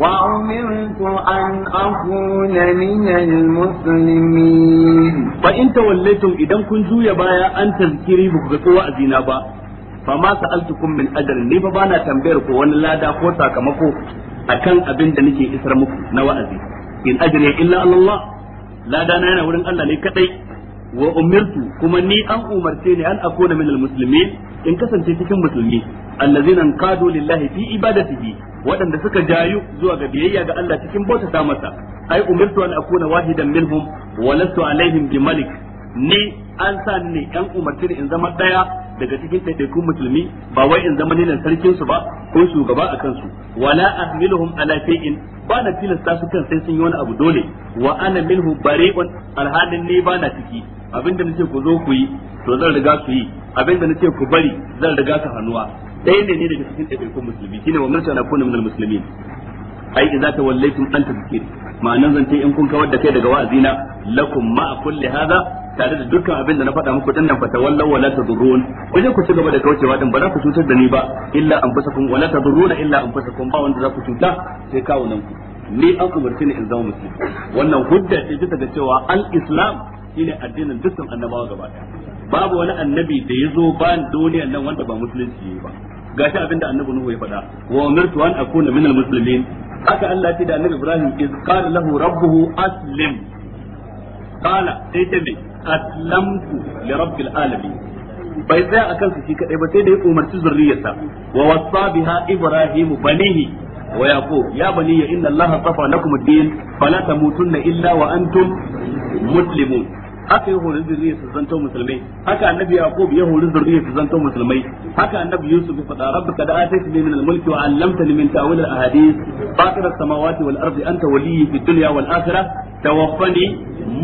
وأمرت أن أكون من المسلمين فإن توليتم إذا كنت يا بايا أن تذكري بكتوى أزينا با fa ma sa'altukum min ajrin ni fa bana tambayar ku wani lada ko sakamako akan abin da nake isar muku na wa'azi in ajri illa Allah lada na yana wurin Allah ne kadai wa umirtu kuma ni an umarce ni an akuna min muslimin in kasance cikin musulmi allazina qadu lillahi fi ibadatihi waɗanda suka jayu zuwa ga biyayya ga Allah cikin bauta masa ai umirtu an akuna wahidan minhum wa alaihim bi malik ni an sa ni ne an umarce ni in zama daya daga cikin ɗaiɗaikun musulmi ba wai in zama ninan sarkin su ba ko shugaba a kansu wala ahmiluhum ala shay'in ba na tilasta su kan sai sun yi wani abu dole wa ana minhu bari'un alhalin ne ba na ciki abinda nace ku zo ku yi to zan riga su yi abinda nace ku bari zan riga su hannuwa ɗaya ne ne daga cikin kun musulmi shine wa mutana kuna minal muslimin ai idza tawallaytum an tadhkir ma'anan zance in kun kawar da kai daga wa'azina lakum ma kulli hadha tare da dukkan abin da na faɗa muku dinnan fa tawallaw wala tadurrun waje ku ci gaba da kaucewa din ba za ku cutar da ni ba illa anfusakum wala tadurruna illa anfusakum ba wanda za ku cuta sai kawunan ku ni an umarci ni in zama musulmi wannan hujja ce bisa ga cewa al-islam shine addinin dukkan annabawa gaba daya babu wani annabi da ya zo ba duniyan nan wanda ba musulunci ba gashi abinda annabi nuhu ya faɗa wa umirtu an akuna minal muslimin haka Allah ce da annabi Ibrahim iz qala lahu rabbuhu aslim qala sai ta me. aslamtu li rabbil alamin bai tsaya akan su shi kadai ba sai da ya umarci zurriyarsa wa wasa biha ibrahim banihi wa yaqub ya bani inna allaha safa lakum ad-din fala tamutunna illa wa antum muslimun haka ya hori zuriya su zanto musulmai haka annabi yaqub ya hori zuriya su zanto musulmai haka annabi yusuf ya fada rabbika da ataytani min al-mulki wa 'allamtani min ta'wil al-ahadith fatir as-samawati wal ardi anta waliyyi fid dunya wal akhirah tawaffani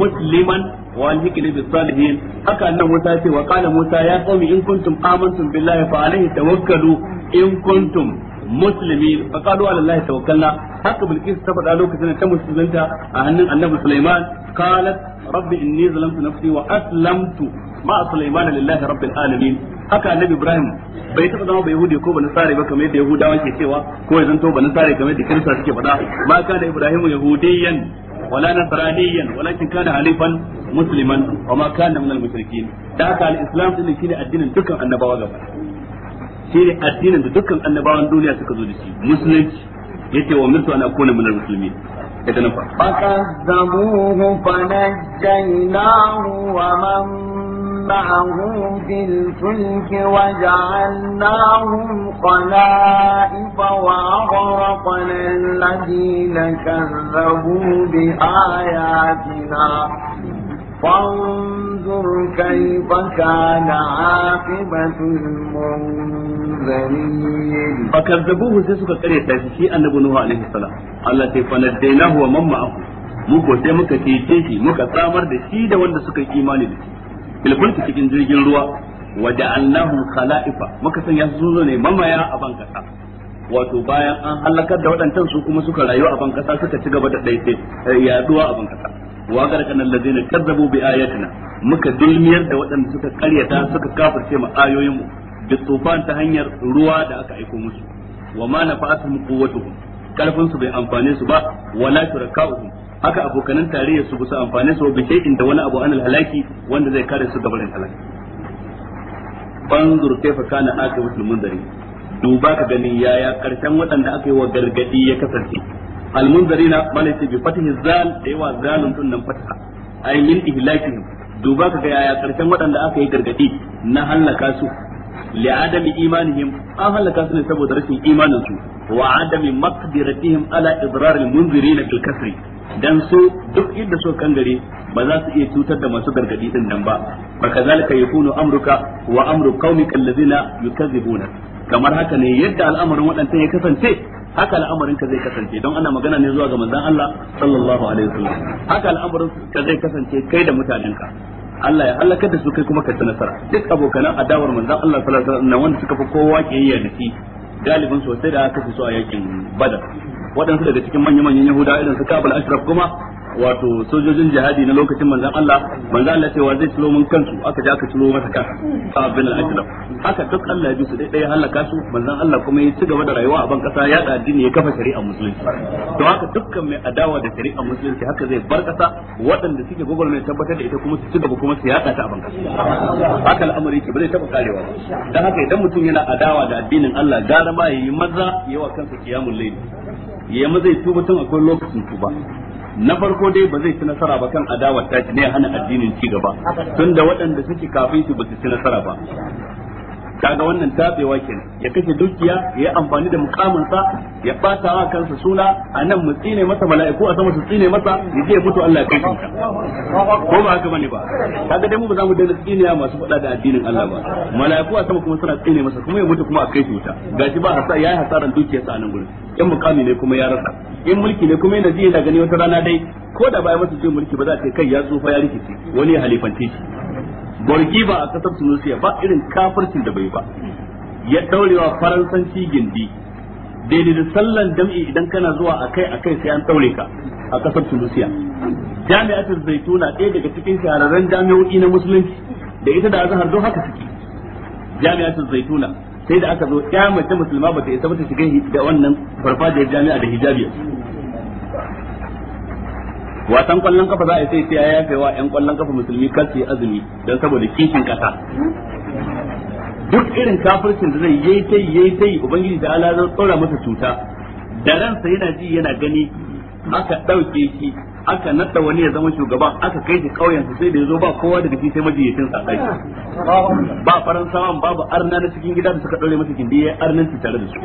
musliman wa alhiqni bis salihin haka annabi musa ya ce wa qala musa ya qaumi in kuntum amantum billahi fa alayhi tawakkalu in kuntum Musulmi. fa ala allahi tawakkalna haka bilqis ta faɗa lokacin ta musulunta a hannun annabi sulaiman qalat rabbi inni zalamtu nafsi wa aslamtu ma sulaiman lillahi rabbil alamin haka annabi ibrahim bai taɓa zama ba yahudi ko ba nasare ba kamar yadda yahudawa ke cewa ko ya zanto ba nasare kamar yadda kirista suke faɗa ma kana ibrahim yahudiyan ولا نصرانيا ولكن kana حنيفا مسلما وما كان من المشركين ده الاسلام اللي شيء shine addinin da dukkan annabawan duniya suka zo da shi musulunci wa mutu ana kona minal muslimin ita nan fa fakazzabuhu fanajjaynahu wa man فانظر كيف كان عاقبة المنذرين فكذبوه سيسوك كريه تاسيسي النبي نوح عليه السلام التي فنديناه ومن معه muko sai muka cece shi muka samar da shi da wanda suka yi imani da shi filfulki cikin jirgin ruwa wa ja'alnahum khala'ifa muka sanya su zo ne mamaya a ban kasa wato bayan an halakar da waɗancan su kuma suka rayu a ban kasa suka ci gaba da ɗaiɗai yaduwa a ban kasa wa garqana allazina kazzabu bi ayatina muka dilmiyar da waɗanda suka karyata suka kafirce mu ayoyin mu bi tufan ta hanyar ruwa da aka aiko musu wa ma mu quwwatuhum karfin su bai amfane su ba wala turakauhum haka abokanan tarayya su bisa amfane su bi shay'in da wani abu an halaki wanda zai kare su gaban halaki banzur kaifa kana mun munzari duba ka ganin yaya karshen waɗanda aka yi wa gargadi ya kasance almunzarina bane ce bi fatihi da yawa zalun din nan fataha ay min ihlakihim duba ka ga yaya waɗanda aka yi gargadi na halaka su li adami imanihim an halaka su ne saboda rashin imanin su wa adami maqdiratihim ala idrar almunzirina bil kasri dan su duk inda so kan gare ba za su iya cutar da masu gargadi din nan ba fa kazalika yakunu amruka wa amru qaumika allazina yukazzibuna kamar haka ne yadda al'amarin waɗannan ya kasance haka al'amarin ka zai kasance don ana magana ne zuwa ga manzon Allah sallallahu alaihi wasallam haka al'amarin ka zai kasance kai da mutanenka Allah ya halakar da su kai kuma ka ci nasara duk abokanan adawar manzon Allah sallallahu alaihi wasallam wanda suka fi kowa kiyayya da shi galibin sosai da aka su su a yakin Badar waɗansu daga cikin manya-manyan Yahuda irin su Kabul Ashraf kuma wato sojojin jihadi na lokacin manzan Allah manzan Allah cewa zai ciro mun kansu aka ji aka ciro masa kansu Ka'ab bin al haka duk Allah ya ji su dai dai halaka su Manzan Allah kuma ya ci gaba da rayuwa a ban kasa ya da addini ya kafa shari'a musulunci to haka dukkan mai adawa da shari'a musulunci haka zai bar kasa waɗanda suke gogol mai tabbatar da ita kuma su ci gaba kuma su yaɗa ta a ban kasa haka al'amari ke ba zai taɓa karewa dan haka idan mutum yana adawa da addinin Allah gara ma yi maza yawa kansa kiyamul layl yayi maza ya tuba tun akwai lokacin tuba na farko dai ba zai ci nasara ba kan adawar ta ne hana addinin ci gaba tunda waɗanda suke kafin su ba su ci nasara ba kaga wannan tabewa kenan ya kashe dukiya ya amfani da mukamin sa ya bata wa kansa suna anan mu tsine masa mala'iku a sama su tsine masa ya je mutu Allah ya kashe ko ba haka bane ba kaga dai mu ba za mu daina tsinewa masu faɗa da addinin Allah ba mala'iku a sama kuma suna tsine masa kuma ya mutu kuma a kai wuta gashi ba hasa yayi hasaran dukiya sa nan gurin in mukami ne kuma ya rasa in mulki ne kuma yana ji da gani wata rana dai ko da ba ya masa jin mulki ba za a kai ya tsufa ya rikice wani ya halifance shi wargi ba a kasar tunisia ba irin kafircin da bai ba ya daurewa faransanci gindi daidai da sallan jam'i idan kana zuwa akai akai sai an daure ka a kasar tunisia jami'atul zaituna ɗaya daga cikin shahararren jami'o'i na musulunci da ita da azhar don haka suke jami'atul zaituna sai da aka zo ya mace musulma bata isa ba ta shiga da wannan farfajiyar jami'a da hijabi wasan kwallon kafa za a sai sai ya yafe wa ƴan kwallon kafa musulmi kar su yi azumi don saboda kishin kasa duk irin kafircin da zai yi tai yi tai ubangiji da Allah zai tsora masa cuta da ransa yana ji yana gani aka ɗauke shi aka nada wani ya zama shugaba aka kai shi kauyen su sai da yazo ba kowa daga cikin sai majiyacin sa kai ba faransawan babu arna na cikin gida da suka ɗaure masa kindi ya arnan tare da su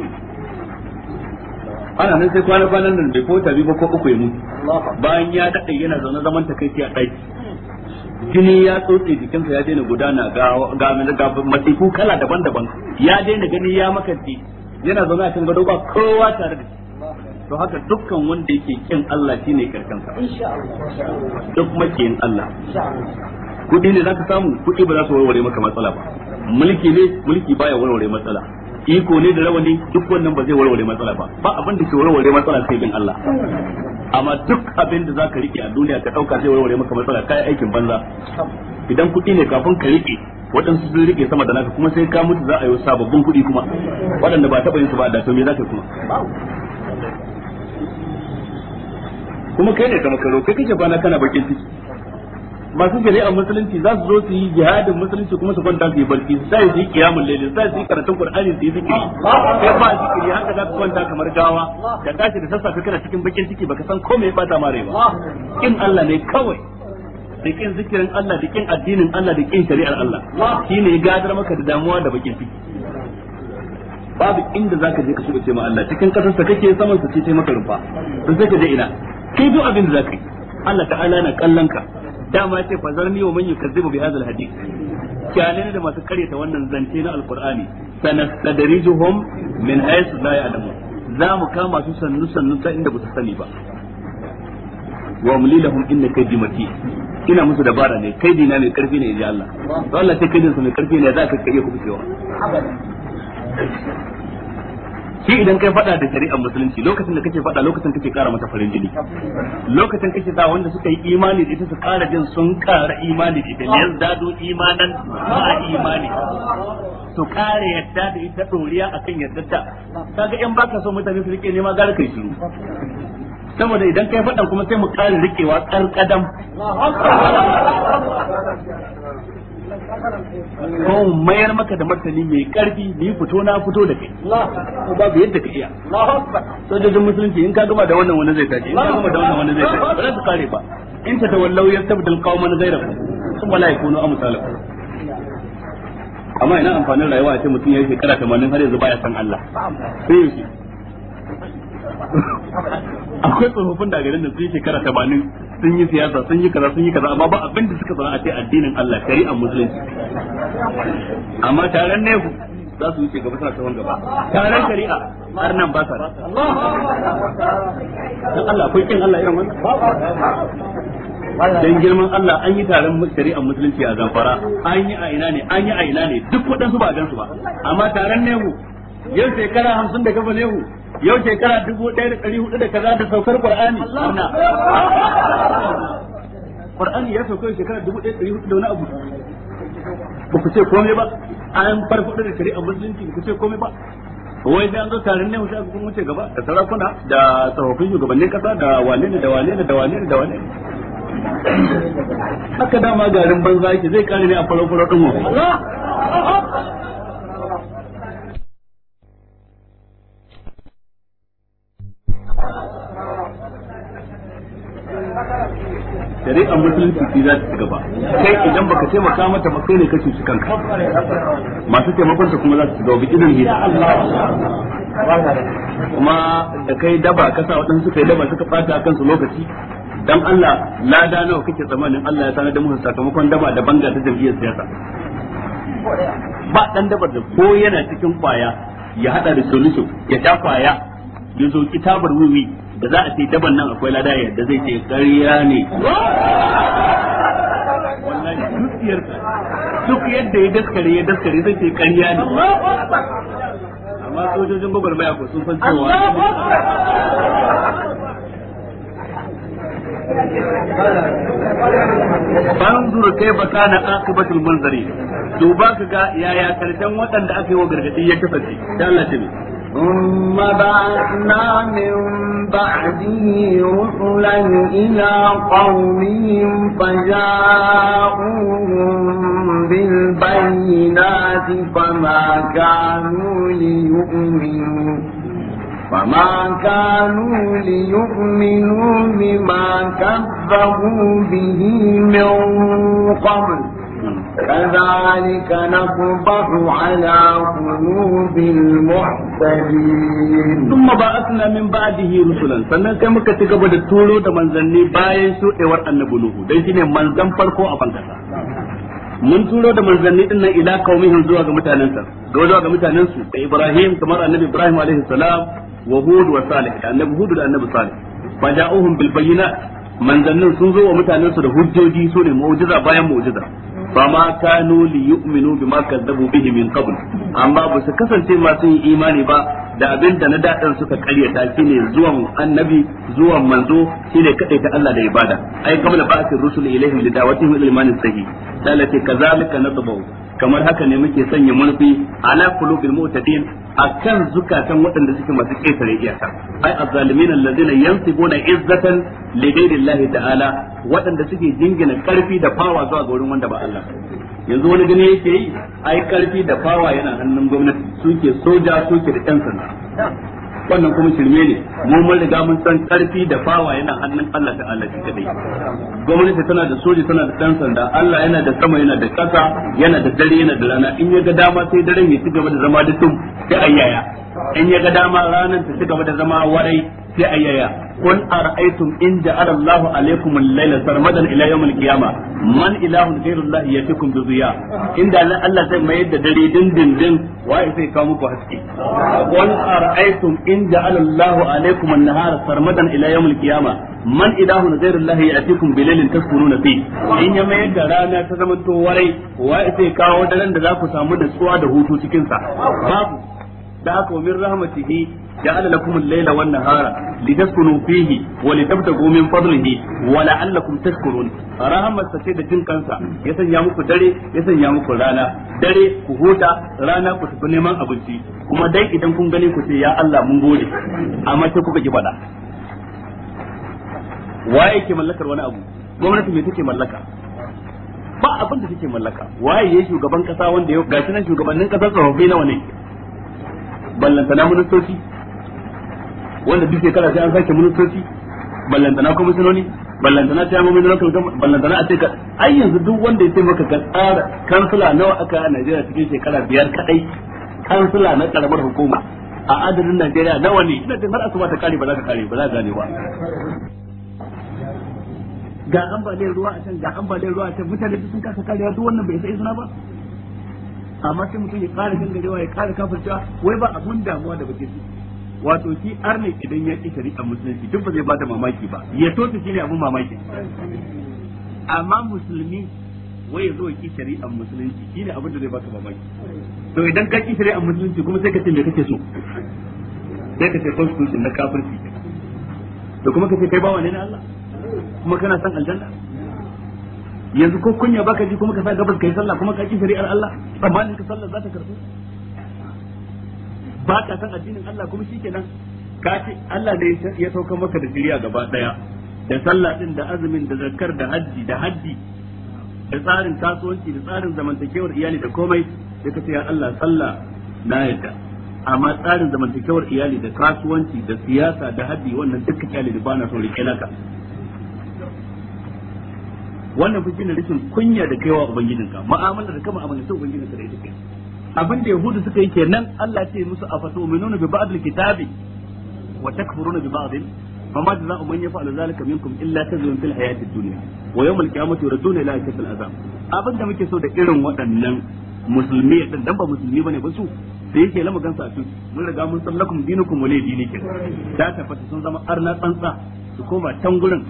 ana nan sai kwana kwanan nan bai kota bi ba ko uku ya mutu bayan ya daɗe yana zaune zaman kai a ɗaki jini ya tsotse jikinsa ya daina gudana ga ga masifu kala daban-daban ya daina gani ya makanti yana zaune a can gado ba kowa tare da to haka dukkan wanda yake kin Allah shine karkansa duk makiyin Allah kudi ne zaka samu kudi ba za su warware maka matsala ba mulki ne mulki baya warware matsala iko ne da rawani duk wannan ba zai warware matsala ba ba abin da ke warware matsala sai bin Allah amma duk abin da zaka rike a duniya ka dauka zai warware maka matsala kai aikin banza idan kuɗi ne kafin ka rike waɗansu sun rike sama da naka kuma sai ka mutu za a yi sababbin kuɗi kuma waɗanda ba taɓa yin su ba da to me zaka kuma kuma kai ne ka makaro kai kake bana kana bakin ciki masu a musulunci za su zo su yi jihadin musulunci kuma su kwanta su yi barci su sai su yi kiyamun lele su sai su yi karatun qur'ani su yi zikiri sai ba zikiri haka za su kwanta kamar gawa da tashi da sassafe kana cikin bakin ciki baka san ko me ya bata mare ba kin Allah ne kawai da kin zikirin Allah da kin addinin Allah da kin shari'ar Allah shine ya gadar maka da damuwa da bakin ciki babu inda zaka je ka ce ma Allah cikin kasar sa kake saman sa ce maka rufa sai ka je ina kai duk abin da zaka yi Allah ta'ala na kallon ka dama ce fa zarni wa man yukazzibu bi hadha alhadith kyalin da masu karyata wannan zance na alqur'ani sanastadrijuhum min haythu la ya'lamun za mu kama su sannu sannu ta inda ba su sani ba wa mulilahum inna kaydi mati ina musu dabara ne kaidi na mai karfi ne inji Allah to Allah sai kaidin sa mai karfi ne za ka iya ku cewa shi idan kai fada da shari'ar musulunci lokacin da kake fada lokacin kake kara mata farin jini lokacin kake sa wanda suka yi imani da ita su kara jin sun kara imani da ita ne yazdadu imanan ma imani to kare yadda da ita doriya akan yadda ta kaga in baka so mutane su rike nema gara kai shiru saboda idan kai fadan kuma sai mu kare rikewa karkadam ko mayar maka da martani mai karfi ni fito na fito da kai ko babu yadda ka iya sojojin musulunci in ka gama da wannan wani zai tashi in ka gama da wannan wani zai tashi ba za su kare ba in ta tawallau yastabdil qauman ghayrakum thumma la yakunu amsalakum amma ina amfanin rayuwa a ce mutum ya yi shekara 80 har yanzu baya san Allah sai yau akwai tsofaffin da garin da su yi shekara 80 sun yi siyasa sun yi kaza sun yi kaza amma ba abin da suka sana'a ce addinin Allah shari'ar musulunci amma taron ne za su wuce gaba suna tawon gaba taron shari'a har nan ba sa dan Allah akwai kin Allah irin wannan dan girman Allah an yi taron shari'ar musulunci a Zamfara an yi a ina ne an yi a ina ne duk waɗansu ba a gansu ba amma taron ne yau shekara hamsin da kafa ne yau shekara dubu ɗaya da ɗari hudu da kaza da saukar Qur'ani Qur'ani ya sauka shekara dubu ɗaya da ɗari hudu da wani abu ba ku ce komai ba an farko da shari'a musulunci ba ku ce komai ba wai sai an zo taron ne wuce kuma wuce gaba da sarakuna da tsofaffin shugabannin kasa da wane ne da wane ne da wane ne da wane ne haka dama garin banza yake zai kare ne a farko farko din mu shari'ar musulunci ce za ta ci gaba kai idan baka taimaka mata ba kai ne kace shi kanka masu taimakon ta kuma za su ci gaba bi idan kuma da kai daba sa waɗansu kai daba suka fata su lokaci dan Allah lada nawa kake tsammanin Allah ya sanar da mu sakamakon daba da banga ta jami'ar siyasa ba dan dabar da ko yana cikin kwaya ya hada da solution ya ta kwaya ya zo kitabar wuri da za a ce daban nan akwai lada yadda zai ce ƙarya ne duk yadda ya daskare ya daskare zai ce ƙarya ne amma sojojin gwagwarmaya ko sun san cewa fanzur kaifa kana aqibatul munzari duba ga yaya karshen waɗanda aka yi wa gargadi ya kasance dan Allah ثم بعثنا من بعده رسلا إلى قومهم فجاءوهم بالبينات فما كانوا ليؤمنوا فما كانوا ليؤمنوا بما كذبوا به من قبل كذلك نطبع على قلوب المحسنين ثم بعثنا من بعده رسلا sannan sai muka ci gaba da turo da manzanni bayan shuɗewar من Nuhu dan shine manzan farko a bankasa mun turo da manzanni din nan ila qaumihim zuwa ga mutanensa ga إبراهيم ga mutanensu da Ibrahim kamar annabi Ibrahim alaihi wa Hud da manzannin sun zo wa mutanensu da hujjoji sune mu'jiza bayan mu'jiza fama kanu li yu'minu bima kazzabu bihi min qabl amma ba su kasance masu yin imani ba da abin da na daɗin suka karyata ne zuwan annabi zuwan manzo shine kadai ta Allah da ibada ai kamar ba'athir rusul ilaihim lidawatihim ila imanin sahih dalaka kazalika nadbu kamar haka ne muke sanya mulfi ala qulubil mu'tadin akan zukatan waɗanda suke masu ƙetare iyaka ai azzalimin allazina yansibuna izzatan li ghairillahi ta'ala waɗanda suke jingina karfi da fawa zuwa ga wurin wanda ba Allah yanzu wani gani yake yi ai karfi da fawa yana hannun gwamnati suke soja suke da ƴan sanda wannan kuma shirme ne mu mun riga mun san karfi da fawa yana hannun Allah ta Allah kadai gwamnati tana da soji tana da dan sanda Allah yana da sama yana da kasa yana da dare yana da rana in ya ga dama sai daren ya ci gaba da zama da tum sai ayyaya in ya ga dama ranar ta ci gaba da zama warai sai ayyaya kun ara'aytum in ja'ala Allahu alaykum al-layla sarmadan ila yawm al-qiyama man ilahun ghayru Allah yatikum bi ziya inda Allah sai mai da dare dindindin wai sai ka muku haske kun ara'aytum in ja'ala Allahu alaykum an-nahara sarmadan ila yawm al-qiyama man ilahun ghayru Allah yatikum bi laylin taskuruna fi in ya mayar da rana ta zama to warai wai sai kawo daren da za ku samu da tsuwa da hutu cikin sa babu da haka min rahmatihi ja'ala lakum al-layla wan nahara litaskunu fihi wa litabtagu min fadlihi wa la'allakum tashkurun rahmat sa ce da jin kansa ya sanya muku dare ya sanya muku rana dare ku huta rana ku tafi neman abinci kuma dai idan kun gani ku ce ya Allah mun gode amma sai kuka ki fada waye ke mallakar wani abu gwamnati me take mallaka ba abin da take mallaka waye ya shugaban kasa wanda ya gashi nan shugabannin kasar tsofaffi nawa ne ballantana ministoci wanda duk shekara sai an sake ministoci ballantana kwamishinoni ballantana ta yamomin local ballantana a ce ka ai yanzu duk wanda ya ce maka ka tsara kansila nawa aka a Najeriya cikin shekara biyar kadai kansila na karamar hukuma a adadin Najeriya nawa ne ina da har asuba ta kare ba za ka kare ba za ka gane ba ga ambaliyar ruwa a can ga ambaliyar ruwa a can mutane sun kasa karewa duk wannan bai sai suna ba amma sai mutum ya ƙara gangarewa ya ƙara kafircewa wai ba abun damuwa da bakin wato shi arne idan ya ƙi shari'a musulunci duk ba zai bada mamaki ba ya tota shi ne abun mamaki amma musulmi wai ya zo ya ƙi shari'a musulunci shi ne abin da zai baka mamaki to idan ka ƙi shari'a musulunci kuma sai ka ce me kake so sai ka ce constitution na kafirci to kuma ka ce kai bawa ne na Allah kuma kana son aljanna yanzu ko kunya baka ji kuma ka sa gabas kai sallah kuma ka ki shari'ar Allah tsammanin ka sallar za ta karbu ba ka san addinin Allah kuma shikenan ka ce Allah ne ya saukar maka da shari'a gaba daya da sallah din da azumin da zakkar da hajji da hajji da tsarin kasuwanci da tsarin zamantakewar iyali da komai da ka ce ya Allah sallah na yadda amma tsarin zamantakewar iyali da kasuwanci da siyasa da hajji wannan dukkan iyali da bana so rike naka wannan fushi ne rashin kunya da kaiwa ubangijinka mu'amala da kama amana sai ubangijinka da ita kai abin da yahudu suka yi kenan Allah ce musu afatu'minuna bi ba'd al-kitabi wa takfuruna bi ba'd فما جزاء من يفعل ذلك منكم الا خزي في الحياه الدنيا ويوم القيامه يردون الى اشد العذاب abin da muke so da irin waɗannan musulmi din dan ba musulmi bane ba su da yake lamu gansa a su mun riga mun san lakum dinukum wa dini kin ta tabbata sun zama arna tsantsa su koma tangurin.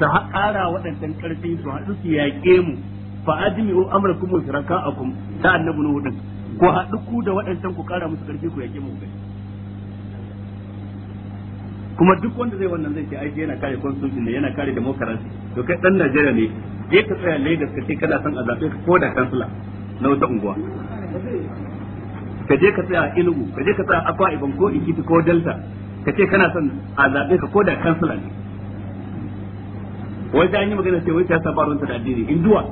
ta haƙara waɗancan ƙarfi su haɗu su yaƙe mu fa ajmi'u amrakum wa shiraka'akum da annabi nuhu din ko haɗu ku da waɗancan ku ƙara musu ƙarfi ku yaƙe mu kuma duk wanda zai wannan zai ce ai yana kare constitution ne yana kare democracy to kai dan Najeriya ne je ka tsaya Lagos ka ce kana son a zabe ka ko da kansila na wata unguwa ka je ka tsaya ilimu ka je ka tsaya Akwa Ibom ko Ikiti ko Delta ka ce kana son a zabe ka ko da kansila ne wai da an yi magana ce wai ta ba ruwanta da addini induwa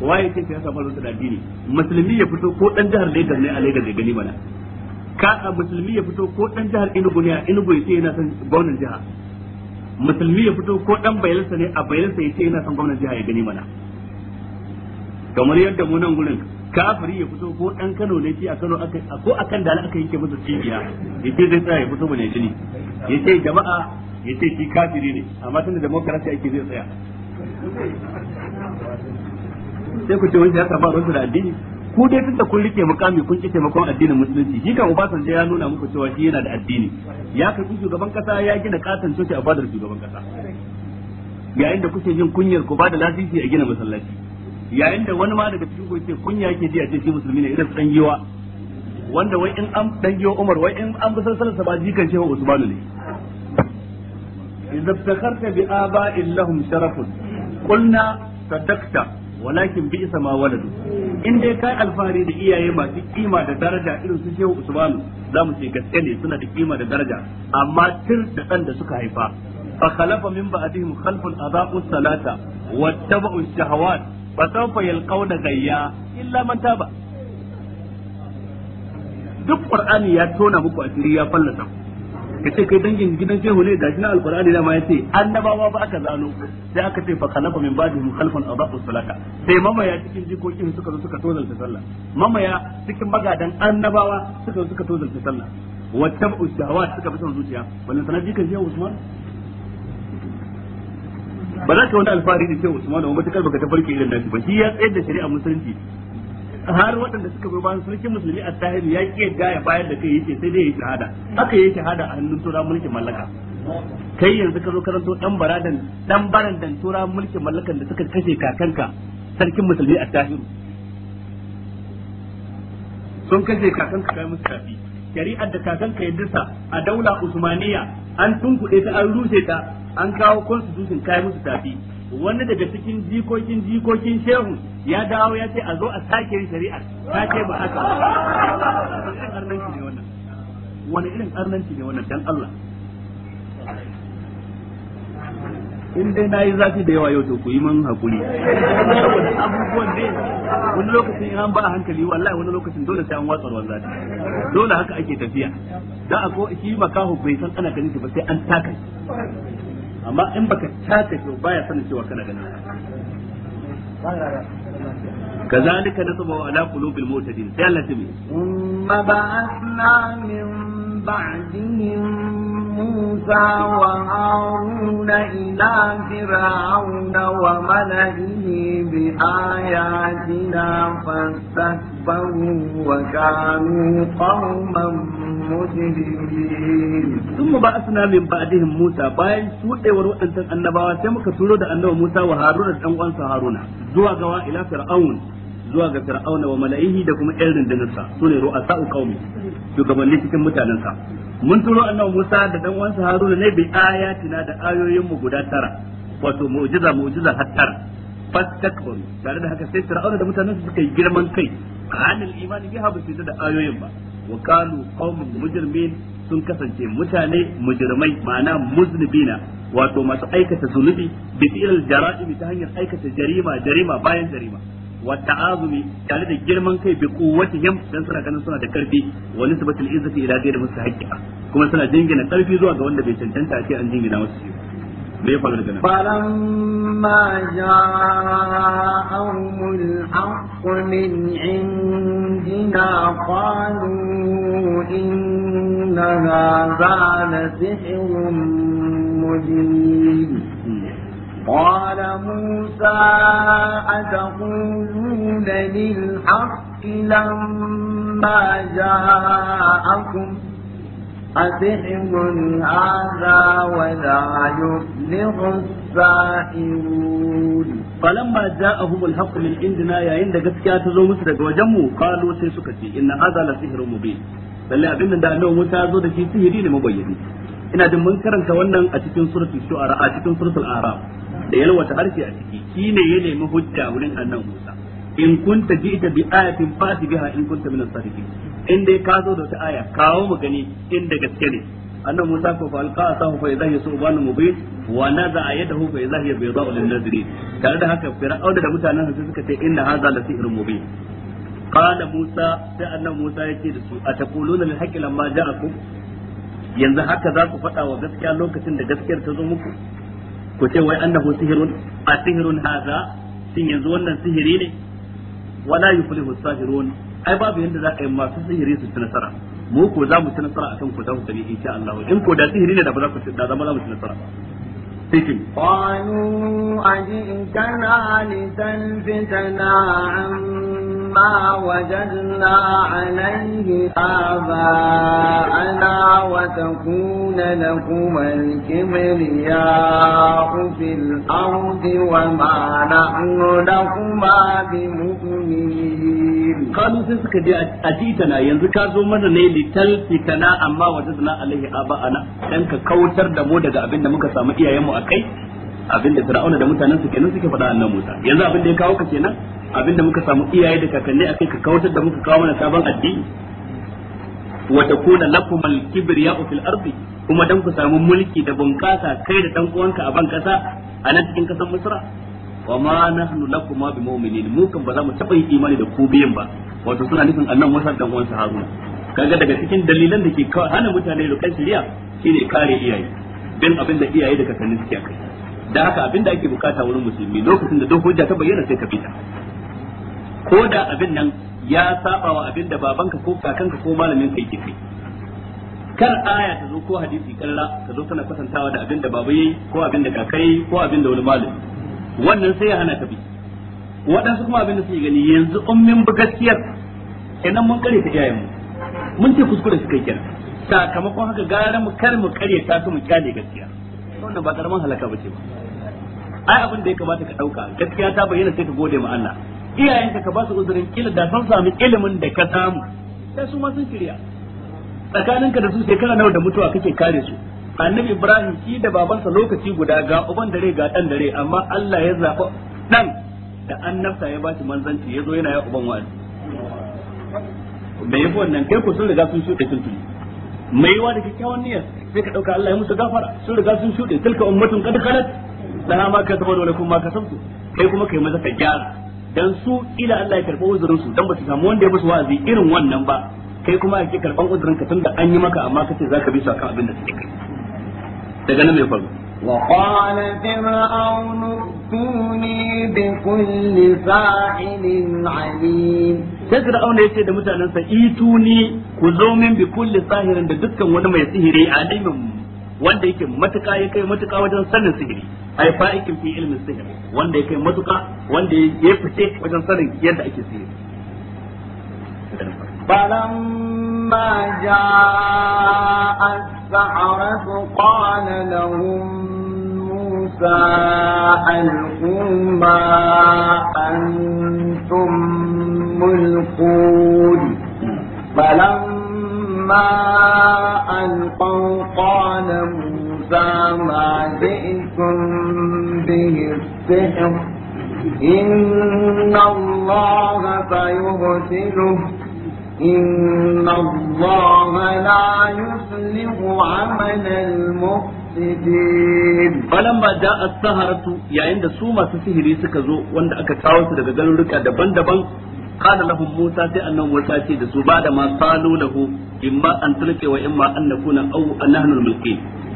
wai ce ta ba ruwanta da addini musulmi ya fito ko dan jihar Lagos ne a Lagos ya gani mana ka musulmi ya fito ko dan jihar Enugu ne a Enugu ya ce yana son gwamnan jiha musulmi ya fito ko dan Bayelsa ne a Bayelsa ya ce yana son gwamnan jiha ya gani mana kamar yadda mu nan gurin kafiri ya fito ko dan Kano ne shi a Kano aka ko akan da aka yake masa cibiya yace zai tsaya ya fito mu ne shi ne yace jama'a ya ce shi kafiri ne amma tunda demokarasi ake zai tsaya sai ku ce wani ya saba ruwansu da addini ku dai tun da kun rike mukami kun ki taimakon addinin musulunci shi kan Obasanjo ya nuna muku cewa shi yana da addini ya karbi shugaban kasa ya gina katon coci a fadar shugaban kasa yayin da kuke yin kunyar ku ba da lasisi a gina masallaci yayin da wani ma daga cikin ku ce kunya yake ji a ce shi musulmi ne irin dan yiwa wanda wai in an dan giwa Umar wai in an bi sallar sa ba jikan cewa Usmanu ne إذا افتخرت بآباء لهم شرف قلنا صدقت ولكن بئس ما ولدوا in dai kai alfahari da iyaye masu kima da daraja irin su shehu usmanu za mu ce gaske ne suna da kima da daraja amma tir da ɗan da suka haifa fa khalafa min ba'dihim khalfun adaa'u salata wattaba'u shahawat fa sawfa yalqawna gayya illa man taba duk qur'ani ya tona muku asiri ya fallasa ka ce kai dangin gidan shehu ne da na alqur'ani da ma yace annabawa ba aka zano sai aka ce fa khalafa min ba'dihim khalfan adaa'u salaka sai mamaya cikin jikokin suka zo suka ta sallah mamaya cikin magadan annabawa suka zo suka ta sallah wa tab'u shahawat suka fi son zuciya wannan sanar jikan shehu Usman ba za ka wani alfahari da shehu Usman ba matakar baka idan irin nashi ba shi ya tsayar da shari'a musulunci har waɗanda suka bi bayan sarkin musulmi a tahir ya ke gaya bayar da kai yace sai dai ya shahada aka yayi shahada a hannun tura mulkin mallaka kai yanzu ka zo karanto dan baradan dan dan tura mulkin mallakan da suka kashe kakanka sarkin musulmi a tahir sun kashe kakanka kai musu kafi shari'ar da kakanka ya dasa a daula usmaniya an tunkuɗe ta an rushe ta an kawo constitution kai musu tafi wani daga cikin jikokin jikokin shehu ya dawo ya ce a zo a sake yin shari'a ta ce ba haka wani irin arnanci ne wannan dan Allah in dai na yi zafi da yawa yau to ku yi man hakuri saboda abubuwan ne wani lokacin in an ba a hankali wallahi wani lokacin dole sai an watsa ruwan zafi dole haka ake tafiya da a ko shi makahu bai san ana ganin shi ba sai an taka amma in baka caka co ba ya san siwa kanaka nuna. na da kama na sa. Kazaani ka na saba Alaafu lu bilmun ta jibi ta ba sinamun ba jinyun. Musa wa Haruna na Ziraun wa Malamiya ne, ɓe aiyaki na fasa faruwa kanun korma mutumin. Tun muba asalin ba'a da bayan su ɗewar annabawa, sai muka turo da annabar mota wa Haruna da ɗan'uwansa Haruna, zuwa gawa ila fir'aun. zuwa ga fir'auna wa mala'ihi da kuma ƴan rundunarsa sune ru'asa'u qaumi shugabanni cikin mutanensa mun turo annabi Musa da dan uwansa Haruna ne bi ayatina da ayoyin mu guda tara wato mu'jiza mu'jiza hattar fastakbaru tare da haka sai fir'auna da mutanensa suka yi girman kai halin imani bi ba da ayoyin ba wa qalu qaumun mujrimin sun kasance mutane mujrimai ma'ana muznibina wato masu aikata zunubi bi fi'il bi ta hanyar aikata jarima jarima bayan jarima wa ta'azumi tare da girman kai bi yam dan suna ganin suna da karfi wa nisbatul izzati ila ghayri mustahaqqiha kuma suna jingina karfi zuwa ga wanda bai cancanta sai an jingina masa shi me ya faru daga nan falamma ja'ahum al-haqqu min indina qalu inna hadha la sihrun mubin قال موسى أتقولون للحق لما جاءكم أسحر هذا ولا يفلح الساحرون فلما جاءهم الحق من عندنا يا عند قسكيا تزو مصر وجمو قالوا سيسكتي إن هذا لسحر مبين lalle أبنى da annabi Musa ya zo da shi sihiri ne mabayyani ina jin mun karanta wannan a cikin suratul shu'ara a cikin suratul araf da yalwata harshe a ciki shine ya nemi hujja wurin annan Musa in kunta ji'ta bi ayatin biha in kunta min as-sadiqin in dai ka zo da wata aya kawo mu gani in da gaske ne annan Musa ko fa alqa asahu fa idha yusubanu mubin wa nada'a yadahu fa idha hiya bayda'u lin-nazirin tare da haka fir'auna da mutanen sa suka ce inna hadha la sihrun mubin qala Musa sai annan Musa yake da su ataquluna lil-haqqi lamma ja'akum yanzu haka za ku faɗa wa gaskiya lokacin da gaskiyar ta zo muku ku ce wai annahu sihirun a sihirun haza sun yanzu wannan sihiri ne wala yuflihu sahirun ai babu yanda za a yi masu sihiri su ci nasara mu ko za mu ci nasara akan ku za ku sani insha Allah in ko da sihiri ne da ba za ku da zama za mu ci nasara cikin kwanu a ji ikana alisan fitana amma wajen na a nan alaihi ba ana wata kuna na kuma kimiri ya kufi al'audi wa ma'ana nuna kuma bi mutuni kwanu sai suka je a ji itana yanzu ka zo mana ne littal fitana amma wajen na alaihi ba ana ɗan ka kautar da mu daga abin da muka samu iyayenmu a kai abinda fir'auna da mutanen su kenan suke faɗa annabi Musa yanzu abinda ya kawo ka kenan abinda muka samu iyaye da kakanni akai ka kawo da muka kawo mana sabon addini wa takuna lakum al-kibriya fil ardi kuma dan ku samu mulki da bunƙasa kai da dan uwanka a ban kasa a nan cikin kasar Misra wa ma nahnu lakum bi mu'minin mu kan ba za mu taba yi imani da ku biyan ba wato suna nufin annan Musa dan uwansa Haruna kaga daga cikin dalilan da ke hana mutane lokacin shari'a shine kare iyaye bin abin da iyaye da kakanni suke kai da haka abin da ake bukata wurin musulmi lokacin da duk hujja ta bayyana sai ka bi ta ko da abin nan ya saba wa abin da babanka ko kakanka ko malamin ka yake kai kar aya ta zo ko hadisi kalla ka zo kana kwatantawa da abin da baba yayi ko abin da kakai ko abin da wani malami wannan sai ya hana ka bi waɗansu kuma abin da suke gani yanzu ummin gaskiyar kenan mun kare ta iyayen mu mun ce kuskure su kai kenan sakamakon haka gara mu kar mu kare ta su mu kyale gaskiya wannan ba karaman halaka bace ba ai abin da ya kamata ka dauka gaskiya ta bayyana sai ka gode ma Allah iyayenka ka ba su uzurin kila da san samu ilimin da ka samu sai su ma sun shirya tsakaninka da su shekara nawa da mutuwa kake kare su annabi ibrahim shi da babansa lokaci guda ga uban dare ga dan dare amma Allah ya zaba dan da annabta ya bashi manzanci yazo yana ya uban wani bai yi wannan kai ku sun riga sun shuka tuntuni mai yawa da kyakkyawan niyyar sai ka dauka Allah ya musu gafara sun riga sun shuɗe tilka ummatun kad khalat laha ma kasabat wa lakum ma kasabtum kai kuma kai maza ka gyara dan su ila Allah ya karɓa uzurin su dan ba su samu wanda ya musu wa'azi irin wannan ba kai kuma ake karɓan uzurin ka tunda an yi maka amma kace zaka bi su akan abin da suke kai daga nan mai faru وقال فرعون ائتوني بكل ساحل عليم sai fir'auna yace da mutanen sa ituni ku zo min bi kulli sahirin da dukkan wani mai sihiri alimin wanda yake matuka ya kai matuka wajen sanin sihiri ai fa'ikin fi ilmin sihiri wanda ya kai matuka wanda ya fice wajen sanin yadda ake sihiri فلما جاء السحرة قال لهم فألقوا ما أنتم ملقون فلما ألقوا قال موسى ما جئتم به السحر إن الله سيبتله إن الله لا يصلح عمل مفسدين فلما جاء السهرة يعني عند سوما su سكزو وند daban دقل ركا دبن دبن قال لهم موسى أن موسى سيد بعد au mulki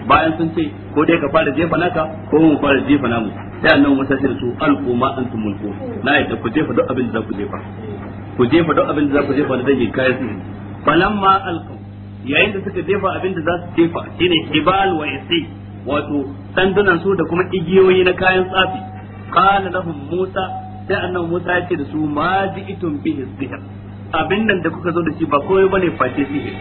bayan sun ce ko dai ka fara jefa naka ko mu fara jefa namu sai annan Musa sai su alqu ma antum mulku na yadda ku jefa duk abin da za ku jefa ku jefa duk abin da za ku jefa da dai kai su falamma alqu yayin da suka jefa abin da za su jefa shine hibal wa yasi wato sandunan su da kuma igiyoyi na kayan tsafi qala lahum musa sai annabi musa ya ce da su ma ji'tum bihi sihir abin nan da kuka zo da shi ba koyo bane face sihir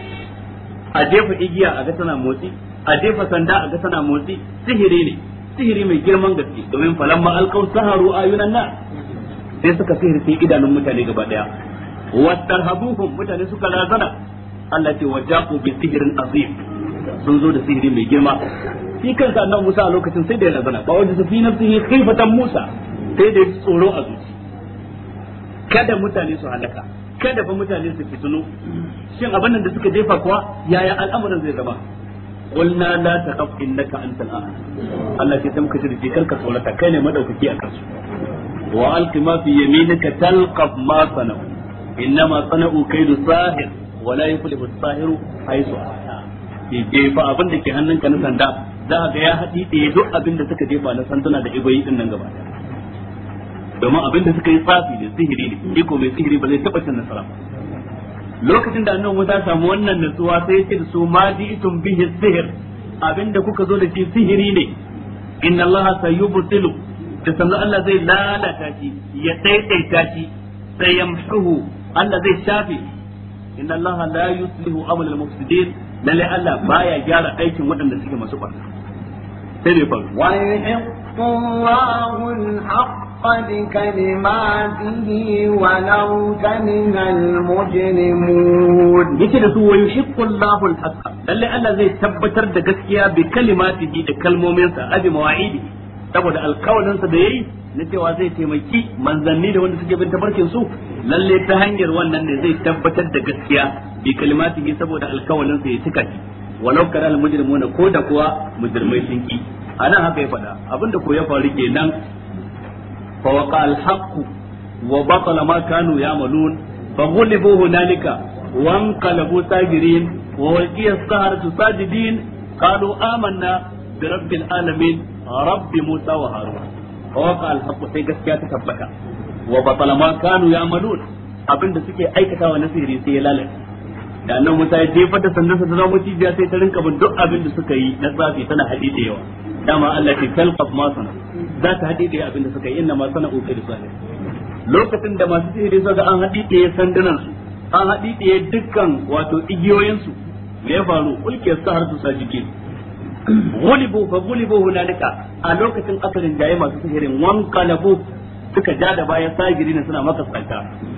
a jefa igiya a ga tana motsi a jefa sanda a ga tana motsi sihiri ne sihiri mai girman gaske domin falamma alqaw saharu ayunan na sai suka sihirce idanun mutane gaba daya wattarhabuhum mutane suka lazana Allah ce wa jaqu bi sihrin azim sun zo da sihiri mai girma shi kansa annabi Musa a lokacin sai da ya razana ba wanda sufi nafsihi khifatan Musa sai da ya tsoro a zuci kada mutane su halaka kada fa mutane su fitinu shin abin da suka jefa kuwa yaya al'amuran zai zama قلنا لا تخف انك انت الاعلى الله ke tamka shirki karka tsorata kai ne madaukaki a kansu wa alqi ma fi yaminika talqaf ma sana'u innama sana'u kaidu sahir wala yuflihu sahiru haythu ata ke ba abin da ke hannunka na sanda za a ga ya haɗi da duk abin da suka jefa na sanduna da igoyi din nan gaba domin abin da suka yi tsafi ne sihiri ne iko mai sihiri ba zai taɓa cin nasara ba lokacin da annabi Musa samu wannan nutsuwa sai ya ce da su ma ji'tum bihi sihir abin da kuka zo da shi sihiri ne inna Allah sayubtilu da sanu Allah zai lalata shi ya daidaita shi sai Allah zai shafe inna allaha la yuslihu amal al mufsidin lalle allah baya gyara aikin waɗanda suke masu ƙwarta sai dai fari wa yuhibbu allahu al haqqi wa law kana al mujrimun yake da su wa yuhibbu allahu al haqq allah zai tabbatar da gaskiya bi kalimatihi da kalmominsa abi mawaidi saboda alƙawarinsa da yayi na cewa zai taimaki manzanni da wanda suke bin tabarkin su lalle ta hanyar wannan ne zai tabbatar da gaskiya bi kalimatihi saboda alkawalin sa ya cika shi walau kana almujrimuna ko da kuwa mujrimai sun ki anan haka ya faɗa abinda ko ya faru kenan fa waqa alhaq wa batala ma kanu ya'malun fa ghulibu hunalika wa anqalabu sajirin wa waqiya sahar tusajidin qalu amanna bi rabbil alamin rabbi musa wa fawaqa al-haqqu sai gaskiya ta tabbata wa batala ma kanu ya'malun abinda suke aikatawa na sirri sai ya lalace da annan Musa ya jefar da sandansa ta zama cibiya sai ta rinka bin duk abinda suka yi na tsafi tana haɗi da yawa dama Allah ce talqaf ma sana za ta haɗi da abin suka yi inna ma sana uku da lokacin da masu sihiri suka an haɗi da sandunan su an haɗi da dukkan wato igiyoyin su me ya faru ulke sahar su sajikin gulibu fa gulibu hunalika a lokacin asalin jaye masu sihirin wan qalabu suka ja da bayan ne suna maka tsanta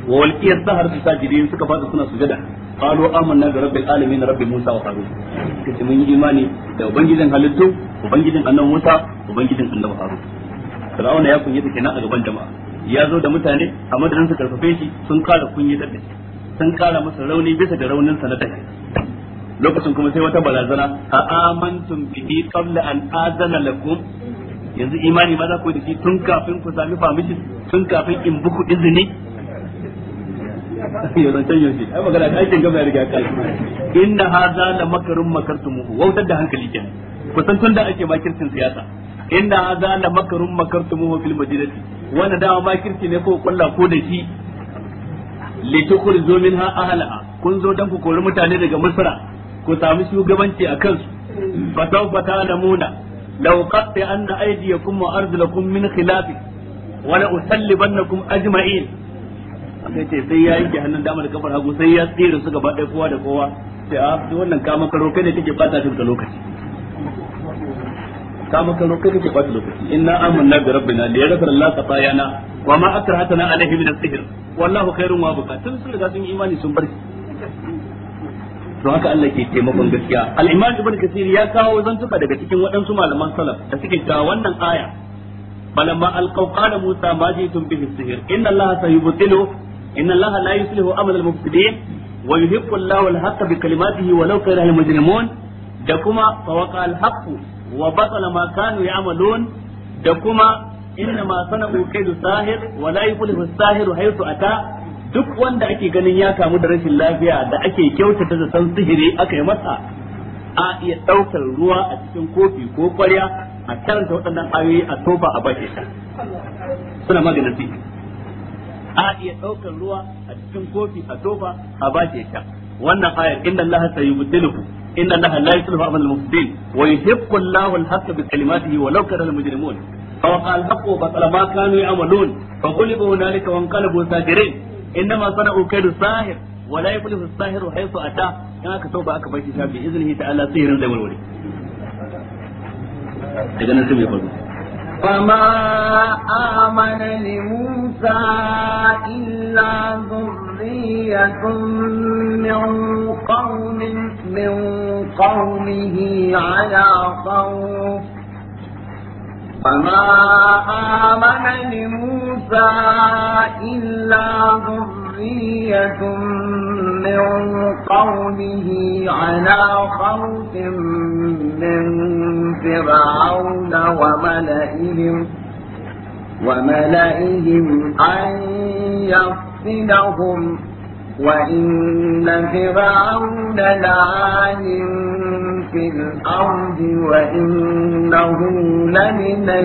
wal qiyas su sajirin suka fada suna sujada qalu amanna bi rabbil alamin rabbi musa wa harun kace mun yi imani da ubangijin halittu ubangijin annabi musa ubangijin annabi harun fir'auna ya kunyi take nan a gaban jama'a ya zo da mutane a madadin su karfafe shi sun kara kunyi da sun kara masa rauni bisa da raunin sa na dashi lokacin kuma sai wata barazana a amantum bihi qabla an azana lakum yanzu imani ma za ku da shi tun kafin ku sami permission tun kafin in buku izini yanzu can yaushe ai magana da aikin gaba ya riga inna hadha la makarun makartumuhu wautar da hankali kenan kusan tun da ake makircin siyasa inna hadha la makarun makartumuhu fil madinati wannan ma makirci ne ko kwallo ko da shi litukhrizu minha ahlaha kun zo dan ku kori mutane daga misra ku samu shugabanci a kansu fa an na law qatta anna aydiyakum wa arjulakum min Wani usalli ban na usallibannakum ajma'in sai ce sai ya yanke hannun damar kafar hagu sai ya tsira su gaba ɗaya kowa da kowa sai a ah, wannan kama karo kai ne kake ɓata shi da lokaci kama karo kai kake bata lokaci inna amanna bi rabbina li yaghfir lana khatayana wa ma akrahatna alayhi min as-sihr wallahu khairun wa buka tun sun riga sun imani sun bar shi to haka Allah ke taimakon gaskiya al-imam ibn kasir ya kawo zantuka daga cikin waɗansu malaman salaf da suke ta wannan aya balamma alqaw qala musa ma jitum bihi sihir. inna allaha sayubtilu inna allaha la yuslihu amal al-mufsidin wa yuhibbu allahu al-haqqa bi kalimatihi wa law kariha al-mujrimun da kuma fawaqa al-haqqu wa batala ma kanu ya'malun da kuma inna ma sana'u kaydu sahir wa la yuflihu as-sahiru haythu ata duk wanda ake ganin ya kamu da rashin lafiya da ake kyautata da san sihiri aka yi masa a iya ɗaukar ruwa a cikin kofi ko kwarya a karanta waɗannan ayoyi a tofa a bashi ta. suna maganin sihiri a iya ɗaukar ruwa a cikin kofi a tofa a bashi ta. wannan ayar inna allaha sayubdiluhu inna allaha la yuslihu amal mufsidin wa yuhibbu allahu al-haqqa bi kalimatihi wa law kana al-mujrimun فوقع الحق وبطل ما كانوا يعملون فغلبوا هنالك وانقلبوا ساجرين innama sana'u kaidu sahir a yuflihu sahiru haythu ata dan aka tauba aka bar shi sha bi iznihi sihirin daga nan فما آمن لموسى إلا ذرية من قوم من قومه على خوف فما آمن لموسى إلا ذرية من قومه على خوف من فرعون وملئهم وملئهم أن يفتنهم Wa in na zuba a hudana a ni fili audu? Wa in na hula ni na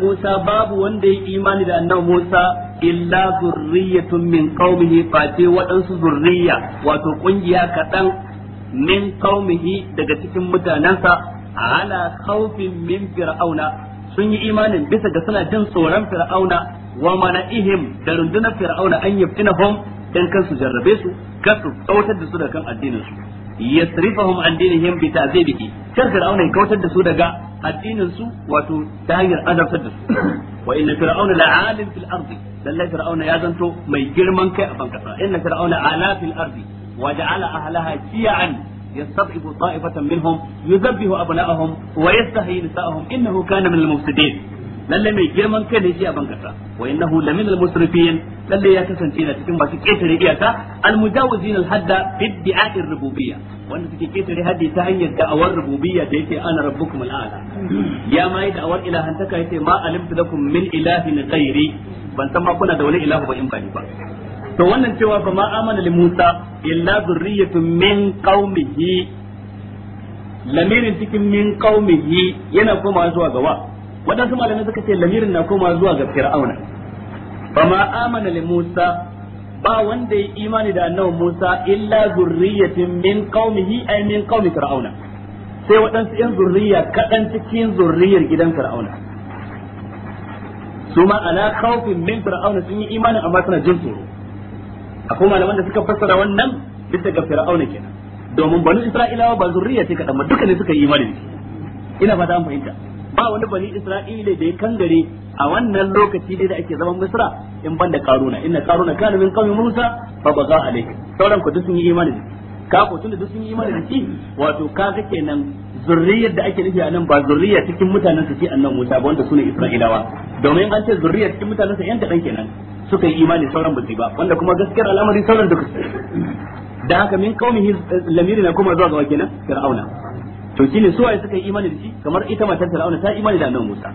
Musa, babu wanda ya yi da hannu Musa illa zurrin min kaumihi fyaɗe waɗansu zurrin ya, wato ƙungiya kaɗan. Min kaumihi daga cikin mutanansa, ana ƙaufin mun fir'auna sun yi imanin bisa ga suna jin tsoron fir'auna wa ihim da rundunar fir'auna an yaftinahum dan kansu jarrabe su kasu kautar da su da kan addinin su yasrifahum an dinihim bi ta'zibihi kar fir'auna ya kautar da su daga addinin su wato ta hanyar azabtar da su wa inna fir'auna la'alim fil ardi lallai fir'auna ya zanto mai girman kai a bankasa inna fir'auna ala fil ardi wa ja'ala ahlaha shi'an يستضعف طائفة منهم يذبح أبناءهم ويستحيي نساءهم إنه كان من المفسدين lalle mai girman kai ne shi a bankasa wa innahu lamin al-musrifin lalle ya kasance da cikin masu ketare iyaka al-mujawizin al-hadda fi bi'ati rububiyya wanda suke ketare haddi ta hanyar da'awar rububiyya da yake ana rabbukum al-a'la ya ma yi da'awar ilahantaka yace ma alimtu lakum min ilahin ghairi ban san ma kuna da wani ilahu ba in ba ni ba to wannan cewa fa ma amana li Musa illa zurriyatun min qaumihi lamirin cikin min qaumihi yana komawa zuwa ga wa waɗansu malamai suka ce lamirin na koma zuwa ga fir'auna fama amana li musa ba wanda ya imani da annabi musa illa zurriyatin min qaumihi ay min qaumi fir'auna sai waɗansu yan zurriya kaɗan cikin zurriyar gidan fir'auna su ma ala khawfin min fir'auna sun yi imanin amma suna jin tsoro akwai malaman da suka fassara wannan bisa ga fir'auna kenan domin banu isra'ilawa ba zurriya ce kaɗan ba duka ne suka yi imani ina fata an fahimta ba wani bani isra'ila da ya kangare a wannan lokaci dai da ake zaman misra in ban da karuna inna karuna kana min qaumi musa fa baga alayka sauran ku duk sun yi imani ka ko tunda duk sun yi imani da shi wato ga kenan zurriyar da ake nufi a nan ba zurriya cikin mutanen su ce annan Musa ba wanda sune Isra'ilawa domin an ce zurriya cikin mutanen sa yan kadan kenan suka yi imani sauran ba ba wanda kuma gaskiyar al'amari sauran duka da haka min qaumihi lamiri na kuma zuwa ga kenan Fir'auna to shine su waye suka yi imani da shi kamar ita matar Fir'auna ta imani da annabi Musa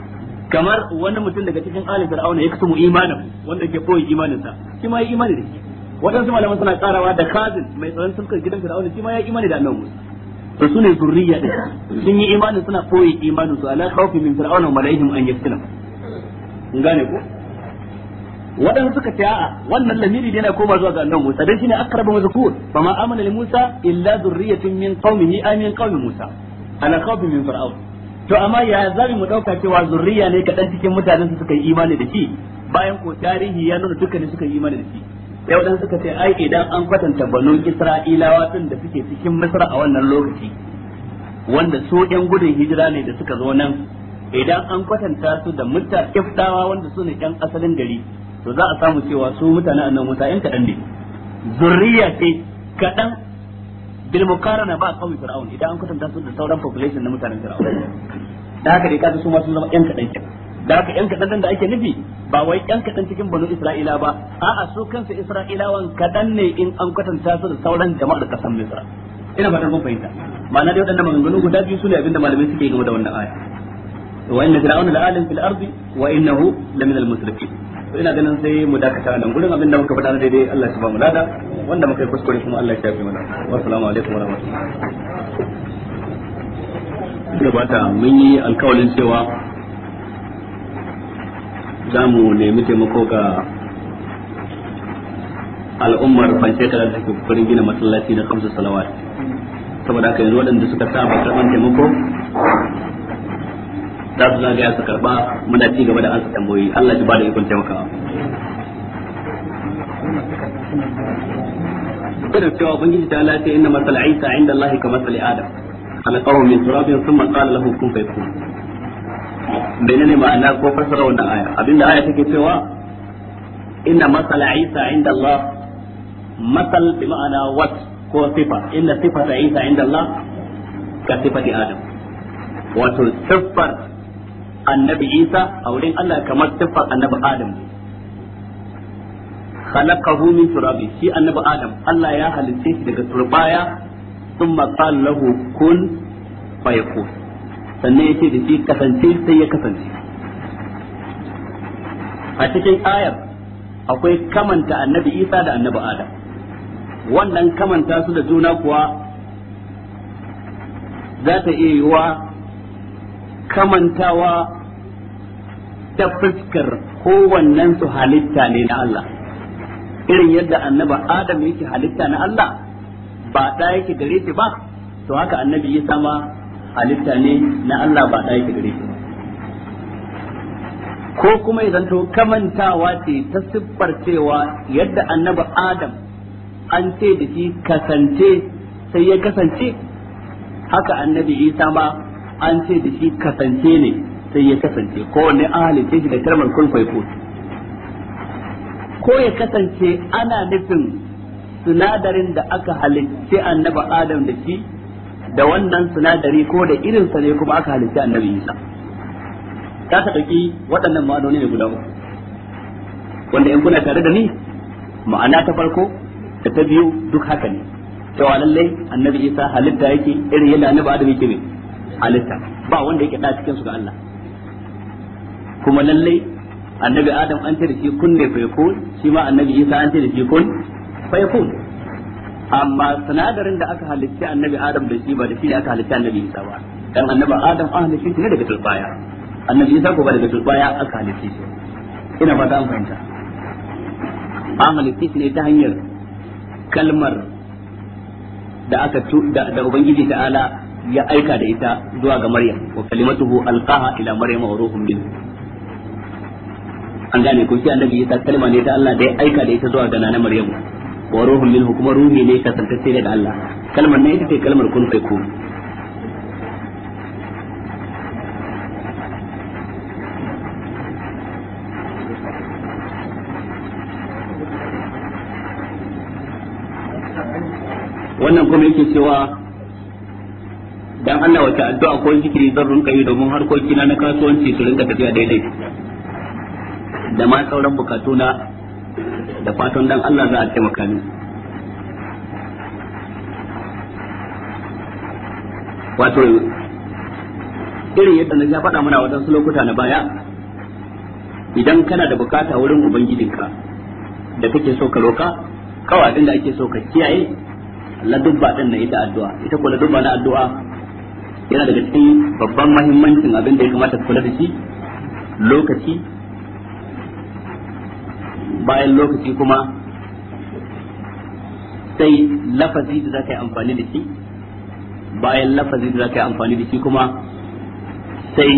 kamar wani mutum daga cikin alin Fir'auna ya kutumu imanin wanda ke koyi imanin sa shi ma ya imani da shi waɗansu malaman suna karawa da Kazin mai tsaron sulkar gidan Fir'auna shi ma ya imani da annabi Musa to su ne zurriya din sun yi imanin suna koyi imanin su ala khawfi min fir'auna wa malaihim an yaftina kun gane ko waɗansu suka ce a wannan lamiri ne yana koma zuwa ga annabi Musa dan shine akrabu mazkur fa ma amana li Musa illa zurriyatun min qaumihi ay min qaumi Musa Ana khawfi min fir'aun to amma ya zari mu dauka cewa zurriya ne kadan cikin mutanen su suka yi imani da shi bayan ko tarihi ya nuna dukkanin suka yi imani da shi sai wadansu suka ce ai idan an kwatanta banu isra'ilawa din da suke cikin misra a wannan lokaci wanda su yan gudun hijira ne da suka zo nan idan an kwatanta su da mutta kiftawa wanda su ne yan asalin gari to za a samu cewa su mutanen annabi Musa kadan ne zurriya ce kadan bil mukarana ba kawai fir'aun idan an kwatanta su da sauran population na mutanen fir'aun da haka dai kaga su ma sun zama yan kadan da haka yan kadan da ake nufi ba wai yan kadan cikin banu isra'ila ba a'a su kansu isra'ilawan kadan ne in an kwatanta su da sauran jama'ar kasan misra ina fatan mun fahimta ma'ana dai wadannan maganganu guda biyu su ne abinda malamai suke game da wannan aya wa inna fir'auna la'alim fil ardi wa innahu lamina al-musrifin to ina ganin sai mu dakata nan gurin abinda muka faɗa daidai Allah ya ba mu lada wanda muka yi kuskure kuma Allah ya shafe mana assalamu alaikum wa rahmatullahi gabata mun yi alkawalin cewa za mu nemi taimako ga al'ummar fanshekara da take kokarin gina masallaci na kamsu salawat saboda haka yanzu waɗanda suka saba karɓar taimako za su zagaya su karba muna ci gaba da ansa tambayoyi Allah ya ba da ikon taimakawa kada cewa ubangiji ta Allah sai inna masal Isa inda Allah ka masal Adam khalaqahu min turabin thumma qala lahu kun fayakun menene ma'ana ko fasara wannan aya abinda aya take cewa inna masal Isa inda Allah masal bi ma'ana wat ko sifa inna sifata Isa inda Allah ka sifati Adam wato siffar annabi Isa a wurin Allah kamar siffar annabi Adam khalaqahu min turabi shi annabi Adam Allah ya halitta shi daga turbaya thumma qala lahu kun fayakun sannan yace da shi kasance sai ya kasance a cikin ayar akwai kamanta annabi Isa da annabi Adam wannan kamanta su da juna kuwa za ta iya yiwa kamantawa ta fuskar kowannen su halitta ne na Allah irin yadda annaba Adam yake halitta na Allah ba da yake gare shi ba to haka annabi ya sama halitta ne na Allah ba da yake gare shi ba ko kuma idan to kamantawa ce ta siffar cewa yadda annaba Adam an ce da shi kasance sai ya kasance haka annabi Isa ma an ce da shi kasance ne sai ya kasance kowanne an halitta shi da kalmar kun ko ya kasance ana nufin sinadarin da aka halitta annaba adam da shi da wannan sinadari ko da irinsa ne kuma aka halitta annabi isa ta ka ɗauki waɗannan ma'anoni ne guda uku wanda in kuna tare da ni ma'ana ta farko da ta biyu duk haka ne cewa lallai annabi isa halitta yake irin yadda annabi adam yake ne halitta ba wanda yake da cikin su ga Allah kuma lalle annabi adam an tare da shi kun ne fayakun shi ma annabi isa an tare da shi kun fayakun amma sinadarin da aka halitta annabi adam da shi ba da shi ne aka halitta annabi isa ba dan annabi adam an halitta shi ne daga tulbaya annabi isa ko ba daga tulbaya aka halitta shi ina ba an fahimta an halitta shi ne ta hanyar kalmar da aka da ubangiji ta'ala ya aika da ita zuwa ga maryam wa kalimatuhu alqaha ila maryam wa ruhum min an gane ko shi annabi ya kalma ne ta Allah da ya aika da ita zuwa ga nana maryam wa ruhum min kuma ruhi ne ta santacce da Allah kalmar ne ita ce kalmar kun kai ku wannan kuma yake cewa Allah wace addu'a ko zikiri zan rinka yi domin harkoki na na kasuwanci su rinka tafiya daidai da ma sauran bukatu na da fatan dan Allah za a taimaka ni wato irin yadda na faɗa mana waɗansu lokuta na baya idan kana da bukata wurin ubangijinka da kake so ka roka kawai abin da ake so ka kiyaye ladubba din na ita addu'a ita ko ladubba na addu'a yana daga cikin babban mahimmancin abin da ya kamata su kula da shi lokaci bayan lokaci kuma sai lafazi da za ka yi amfani da shi bayan lafazi da za ka yi amfani da shi kuma sai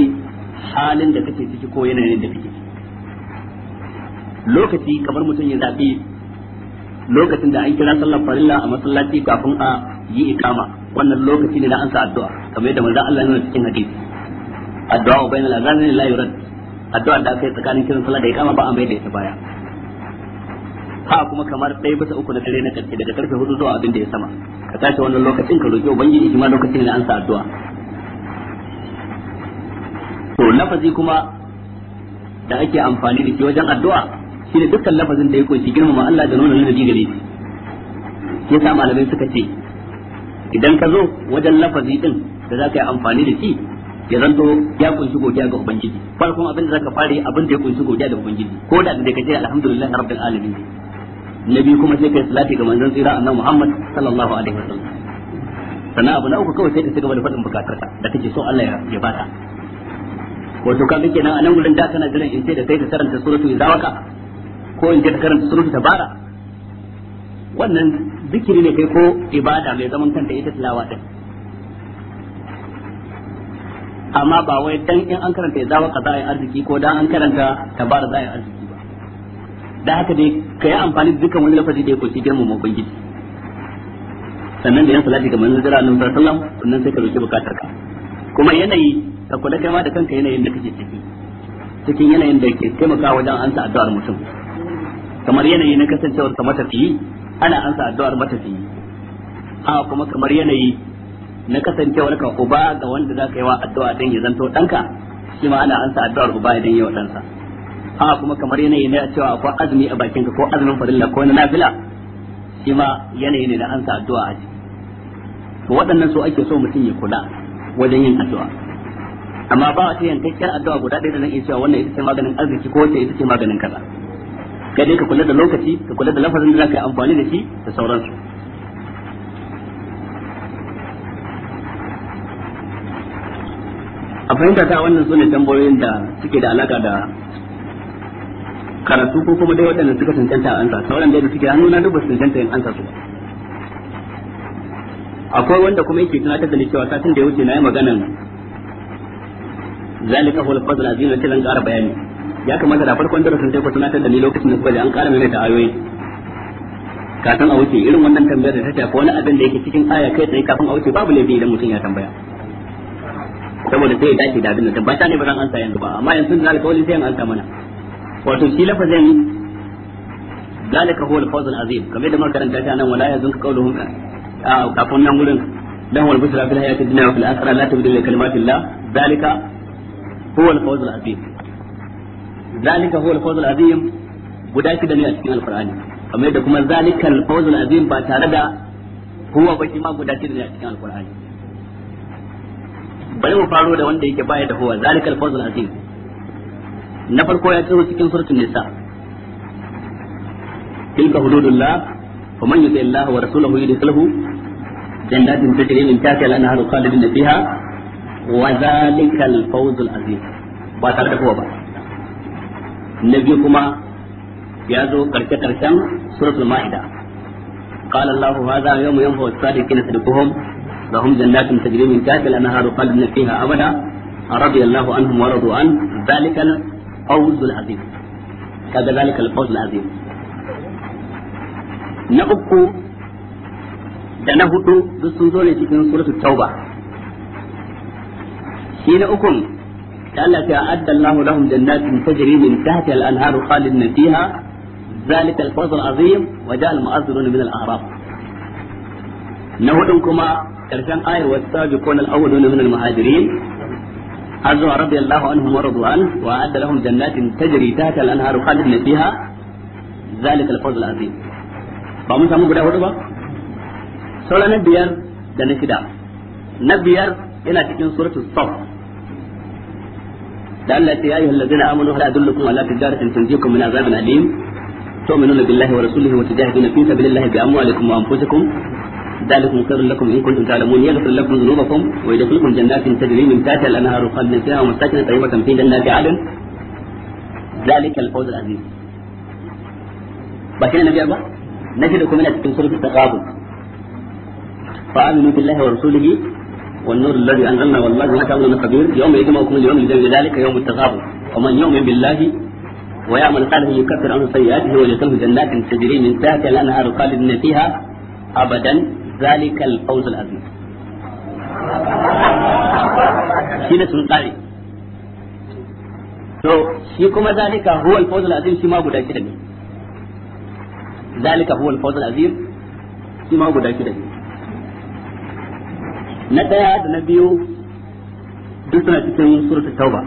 halin da kake ciki ko yanayin da kake lokaci kamar mutum ya zaɓi lokacin da an kira sallar farilla a masallaci kafin a yi ikama wannan lokaci ne na ansa addu'a kamar yadda manzon Allah ya cikin hadisi addu'a bayan al-azani la yurad addu'a da aka yi tsakanin kiran sallah da ikama ba an bai da baya ha kuma kamar ɗaya bisa uku na dare na karfe daga karfe hudu zuwa abin da ya sama ka tashi wannan lokacin ka roki ubangiji shi ma lokacin ne na ansa addu'a to lafazi kuma da ake amfani da shi wajen addu'a shine dukkan lafazin da ya kunshi girmama Allah da nuna nuna gare shi yasa malamai suka ce idan ka zo wajen lafazi din da ka yi amfani da shi ya zanto ya kunshi godiya ga ubangiji farkon abin da ka fara abin da ya kunshi godiya ga ubangiji ko da da kace alhamdulillah rabbil alamin nabi kuma sai kai salati ga manzon tsira annabi Muhammad sallallahu alaihi wasallam sannan abu na uku kawai sai ka cigaba da faɗin bukatarka da kake so Allah ya bata wato ka kake nan a nan gurin da kana jiran in sai da kai ka karanta suratul zawaka ko in ka karanta suratul tabara wannan zikiri ne kai ko ibada mai zaman kanta ita tilawa din amma ba wai dan in an karanta ya zawa kaza ya arziki ko dan an karanta tabara za ya arziki ba da haka dai ka yi amfani da dukkan wani lafazi da ya kunshi girman mu ubangiji sannan da yan salati ga manzon jira annabi sallallahu alaihi wasallam sannan sai ka roki bukatar ka kuma yanayi ka kula kai ma da kanka yanayin da kake ciki cikin yanayin da ke taimakawa wajen ansa addu'ar mutum kamar yanayi na kasancewar ka matafiyi ana ansa addu'ar matafiyi a kuma kamar yanayi na kasancewar ka uba ga wanda za ka yi wa addu'a dan ya zanto ɗanka shi ma ana ansa addu'ar uba idan yawa ɗansa a kuma kamar yanayi na cewa akwai azumi a bakinka ko azumin farilla ko na nafila shi ma yanayi ne na ansa addu'a a ciki to waɗannan so ake so mutum ya kula wajen yin addu'a amma ba a ce yankakken addu'a guda ɗaya da zan iya cewa wannan ita ce maganin arziki ko wacce ita ce maganin kaza kai dai ka kula da lokaci ka kula da lafazin da zaka yi amfani da shi da sauransu a fahimta ta wannan sune tambayoyin da suke da alaka da karatu ko kuma dai waɗanda suka cancanta a ansa sauran da suke hannu na duba cancanta yin ansa su akwai wanda kuma yake tunatar da ni cewa satin da ya wuce na yi maganan zalika hul fadl azim na tilan ƙara bayani ya kamata da farkon darasin sai ku tunatar da ni lokacin da kwalli an ƙara mai ta ayoyi kafin a wuce irin wannan tambayar da ta shafi wani abin da yake cikin aya kai tsaye kafin a wuce babu laifi idan mutum ya tambaya saboda sai ya dace da abin da tabbata ne ba zan ansa yanzu ba amma yanzu da alƙawari sai an ansa mana wato shi lafazin zalika huwa al-fawz al-azim kamar da makaranta ta nan wala yazunka qawluhum kafin nan gurin له البشرى في الحياة الدنيا وفي la لا kalimatillah لكلمات huwa al-fawz al-azim zalika huwa al-fawz al-azim guda shida ne a cikin alqur'ani kamar da kuma zalika al-fawz azim ba tare da huwa ba shi ma guda shida ne a cikin alqur'ani bari mu faro da wanda yake baya da huwa zalika al-fawz azim na farko ya tsoro cikin suratul nisa tilka hududullah faman yuti Allah wa rasuluhu yudkhilhu jannatin tajri min tahtiha al-anharu khalidina fiha wa zalika al-fawz azim ba tare da huwa ba na biyu kuma ya zo karshe karshen suratul ma'ida قال الله هذا يوم ينفع الصادقين صدقهم لهم جنات تجري من تحتها الانهار خالدين فيها ابدا رضي الله عنهم ورضوا عنه ذلك الفوز العظيم هذا ذلك الفوز العظيم na uku da na hudu duk sun zo ne cikin suratul tauba shi na ukun التي أعد الله لهم جنات تجري من تحتها الأنهار خالدين فيها ذلك الفوز العظيم وجاء المؤذنون من الأعراب كما كرشان آية والسابقون الأولون من المهاجرين أزوى رضي الله عنهم ورضوا عنه وأعد لهم جنات تجري تحت الأنهار خالدين فيها ذلك الفوز العظيم فمن سمو قد أهدوا سولا نبيار دنشدا نبيار إلى تكين سورة الصف لعلك يا أيها الذين آمنوا هل أدلكم على تجارة تنجيكم من عذاب أليم تؤمنون بالله ورسوله وتجاهدون في سبيل الله بأموالكم وأنفسكم ذلكم خير لكم إن كنتم تعلمون يغفر لكم ذنوبكم ويدخلكم جنات تجري من تحتها الأنهار خالدين فيها ومساكن طيبة في جنات عدن ذلك الفوز العظيم بكينا نبي أبا نجدكم من أتكلم سورة التغابن فآمنوا بالله ورسوله والنور الذي أنزلنا والله هناك أمر كبير يوم يجمع كل يوم ذلك يوم التغابن ومن يوم بالله ويعمل صالحا يكفر عنه سيئاته ويدخله جنات تجري من تحتها الأنهار خالدين فيها أبدا ذلك الفوز العظيم. شيء سلطاني. تو شيء كما ذلك هو الفوز العظيم شيء ما بدأ كده ذلك هو الفوز العظيم شيء ما بدأ كده na daya da na biyu duk suna cikin suratul tauba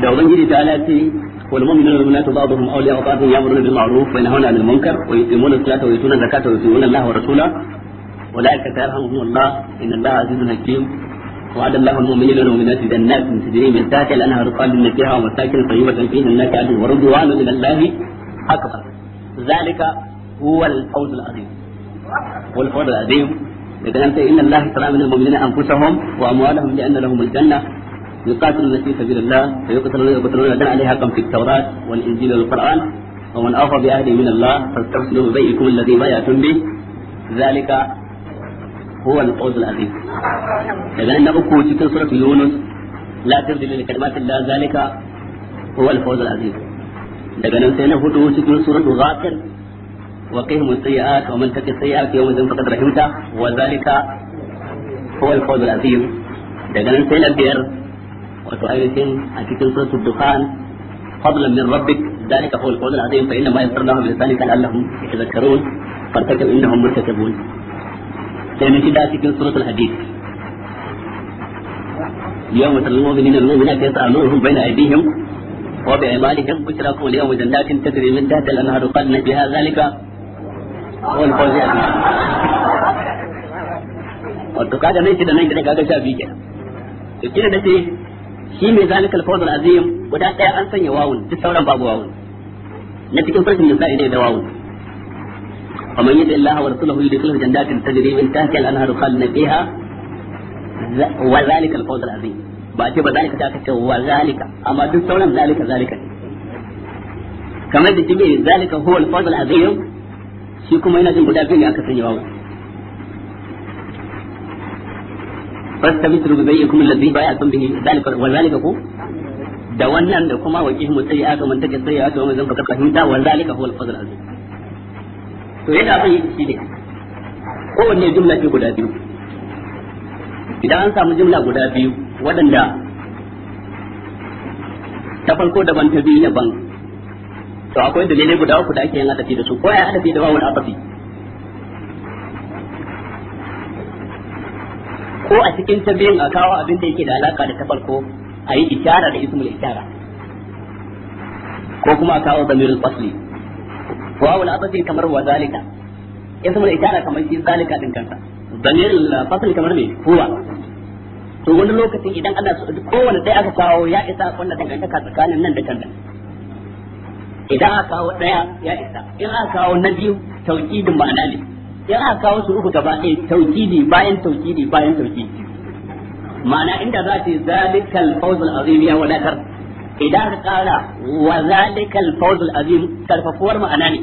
da ubangiji ta ala ce والمؤمنون والمؤمنات بعضهم اولياء بعض يامرون بالمعروف وينهون عن المنكر ويقيمون الصلاه ويؤتون الزكاه ويطيعون الله ورسوله اولئك سيرحمهم الله ان الله عزيز حكيم وعد الله المؤمنين والمؤمنات جنات تجري من تحتها الانهار خالدين فيها ومساكن طيبه في جنات عدن ورضوان من الله اكبر ذلك هو الفوز العظيم هو الفوز العظيم إذا أنت إن الله اشترى من المؤمنين أنفسهم وأموالهم لأن لهم الجنة يقاتلون في سبيل الله فيقتلون يقتلون دان عليها كم في التوراة والإنجيل والقرآن ومن أوفى بأهله من الله فاستبشروا ببيعكم الذي بايعتم به ذلك هو الفوز العظيم إذا أن أكو في سورة يونس لا تبدل لكلمات الله ذلك هو الفوز العظيم إذا nan sai na hudu سورة غافر وقهم السيئات ومن تقي السيئات يوم الدين فقد رحمته وذلك هو الفوز العظيم daga nan sai na biyar wato ainihin a cikin suratul dukhan fadlan min rabbik dalika huwa al-qawl al-azim fa inna ma yasarnahu bi lisanika allahum yatadhakkarun fartakib innahum murtakibun sai mun shida cikin suratul hadid يوم ترى المؤمنين المؤمنات يسعى نورهم بين ايديهم وبأيمانهم بشراكم اليوم جنات تجري من تحتها الأنهار قد بها ذلك 1.0 wato kaga nan shida nan shida kaga sha biyu kenan to kina da ce shi mai zalikal fawzul azim guda daya an sanya wawun duk sauran babu wawun na cikin farkin nisa idan da wawun ومن يطع الله ورسوله يدخله جنات تجري من تحتها الانهار خالدين فيها وذلك الفوز العظيم ba ce ba zalika ta kace wa zalika amma duk sauran zalika zalika kamar da shi zalika huwa al-fawz al-azim shi kuma yana jin guda biyu ne aka sanya wawo fastabitu rubayyakum alladhi ba'atum bihi dalika wa zalika ko da wannan da kuma wa kihmu sai aka mun take sai aka mun zan baka fahimta wa zalika huwa al-fadl azim to yadda abin yi shi ne kowanne jumla ce guda biyu idan an samu jumla guda biyu waɗanda ta farko daban ta biyu daban to akwai dalilai guda uku da ake yin hadafi da su ko ya hadafi da wawul afafi ko a cikin ta a kawo abin da yake da alaka da ta farko a yi ishara da ismul ishara ko kuma a kawo zamirin fasli wawul afafi kamar wa zalika ismul ishara kamar shi zalika din kansa Zamirin fasli kamar me huwa to wani lokacin idan ana kowane ɗaya aka kawo ya isa wannan dangantaka tsakanin nan da can idan aka kawo daya ya isa in aka kawo na biyu tauhidin ma'ana ne in aka kawo su uku gaba ɗaya tauhidi bayan tauhidi bayan tauhidi ma'ana inda za ta yi zalikal fawzul azim ya wadatar idan aka kara wa zalikal fawzul azim karfafuwar ma'ana ne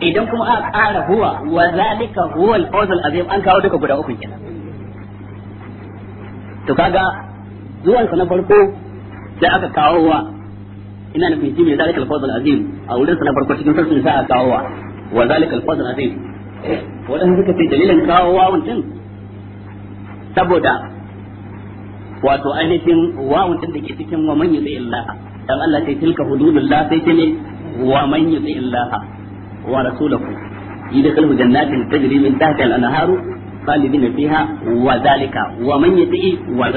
idan kuma aka kara huwa wa zalika huwa al fawzul azim an kawo duka guda uku kenan to kaga zuwan sa na farko sai aka kawo wa ina nufin shi ne zalika al azim a wurin sa na farko cikin sarsun sa a kawowa wa zalika al azim wadanda suka ce dalilin kawo wawun din saboda wato ainihin wawun da ke cikin wa man yuzi illaha dan Allah sai tilka hududullah sai ce ne wa man yuzi illaha wa rasulahu yadkhulu jannatin tajri min tahtiha al-anharu khalidina fiha wa zalika wa man yuti wa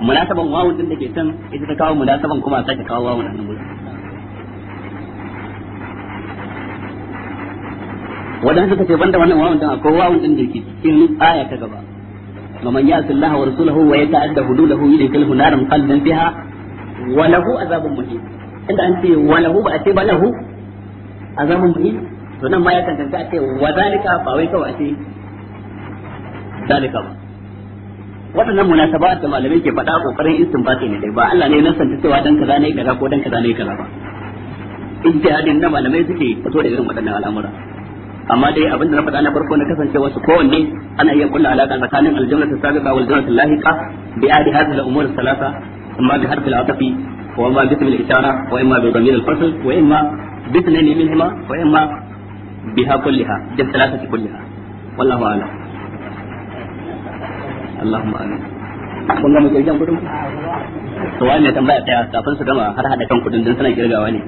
munasaban wawun din da ke can ita ta kawo munasaban kuma a sake kawo wawun nan gurin wadan suka ce banda wannan wawun din akwai wawun din da ke cikin aya ta gaba wa ومن يعص الله ورسوله ويتعدى حدوده naran نارا fiha wa lahu azabun muhin inda an ce walahu ba a ce ba lahu azabun muhin to nan ma ya tantance a ce wa zalika ba wai kawai a ce zalika ba waɗannan munasabat da malamai ke faɗa kokarin istinbati ne dai ba Allah ne nan santa cewa dan kaza ne kaza ko dan kaza ne kaza ba ijtihadin na malamai suke fito da irin waɗannan al'amura amma dai abin da na faɗa na farko na kasancewa su kowanne ana iya kulla alaka tsakanin aljannatu sabiqa wal jannatu lahiqa bi ahli hadhihi al umur salasa amma bi harfi al atafi wa ma bi ismi al ishara wa imma bi dhamir al fasl wa imma bi ithnaini minhuma wa imma biha kulliha bi thalathati kulliha wallahu a'lam Allahumma amin kun ga mu kirgan kudin to wani mai tambaya tsaya kafin su gama har hada kan kudin din suna kirgawa ne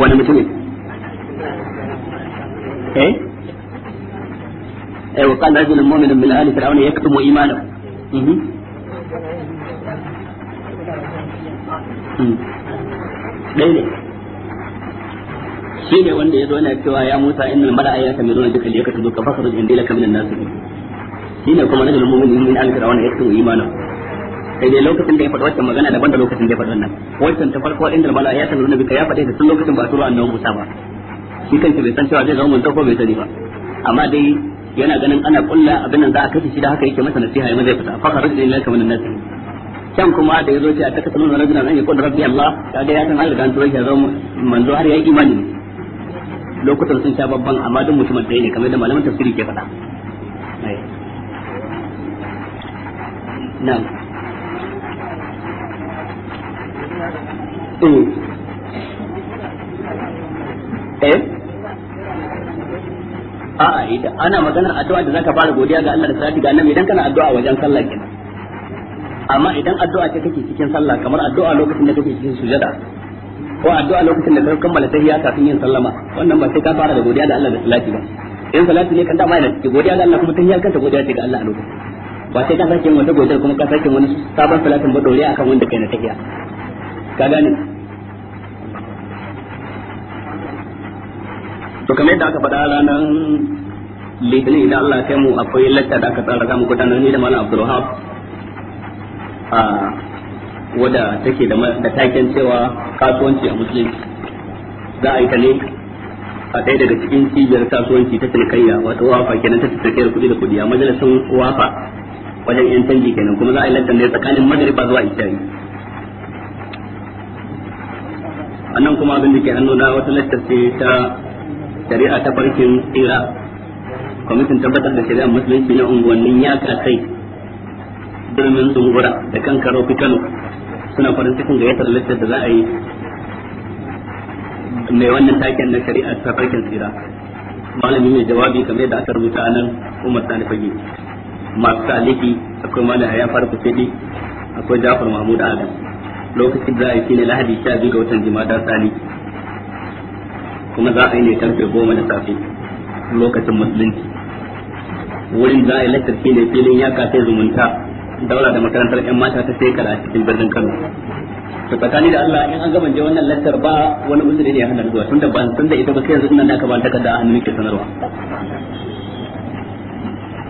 wani mutum ne? eh eh wa qala rajulun mu'minun min ahli fir'auna yaktumu imanahu mhm hmm. dai ne shi ne wanda ya zo yana cewa ya Musa innal mala'a ya kamiruna bika liyaktubu ka fakhruj indi laka minan nas shi ne kuma najal mu'minin min al-fir'auna yaktu imanahu sai dai lokacin da ya faɗi wancan magana daban da lokacin da ya faɗi wannan wancan ta farko inda mala'a ya kamiruna bika ya faɗi ta tun lokacin ba turo annabi Musa ba shi kanta bai san cewa zai zama mun ko bai sani ba amma dai yana ganin ana kulla abin nan za a kashe shi da haka yake masa nasiha yayin zai fita fakhruj indi laka minan nas can kuma da ya zo ce a takasalun rajulan an yakun rabbi Allah kaga ya san an riga an turo ya zama manzo har ya imani lokutan sun sha babban amma duk mutumin ɗaya ne kamar da malaman tafsiri ke faɗa na'am mm. eh a'a idan ana maganar addu'a da zaka fara godiya ga Allah da salati ga annabi idan kana addu'a wajen sallah kenan amma idan addu'a ce kake cikin sallah kamar addu'a lokacin da kake cikin sujada ko addu'a lokacin da ka kammala tahiyya kafin yin sallama wannan ba sai ka fara da godiya ga Allah da salati ba in salati ne kan mai da cikin godiya ga Allah kuma tahiyya kanta godiya ce ga Allah a lokacin ba sai ka sake yin wata godiya kuma ka sake wani sabon salatin ba doriya akan wanda kai na tahiyya ka gane to kamar yadda aka faɗa ranar litinin idan Allah ya kai mu akwai lacca da aka tsara za mu gudanar ni da malam Abdul Wahab ah, wadda take da taken cewa kasuwanci a musulunci za a yi ta ne a ɗaya daga cikin cibiyar kasuwanci ta cinikayya wata wafa kenan ta cinikayya kuɗi da kuɗi a majalisun wafa wajen yan canji kenan kuma za a yi lantar ne tsakanin magariba zuwa isha'i a nan kuma abin da ke hannu na wata lantar ce ta shari'a ta farkin tsira kwamitin tabbatar da shari'ar musulunci na unguwannin ya kai birnin zungura da kan karo kano suna farin cikin gayyatar lissar da za a yi mai wannan taken na shari'a ta farkin tsira malami mai jawabi kamar da aka rubuta nan umar sani fage masu taliki akwai ya haya farko fedi akwai jafar mahmud adam lokacin da yi kine lahadi sha biyu ga watan jimada sani kuma za a yi ne karfe goma da safe lokacin musulunci wurin za a yi lantarki ne filin ya kasai zumunta daura da makarantar yan mata ta sai kara cikin birnin Kano to tsakani da Allah in an gaban je wannan lantar ba wani uzuri ne ya hana zuwa tunda ban tunda ita ba sai yanzu ina da kamar takarda a hannun ke sanarwa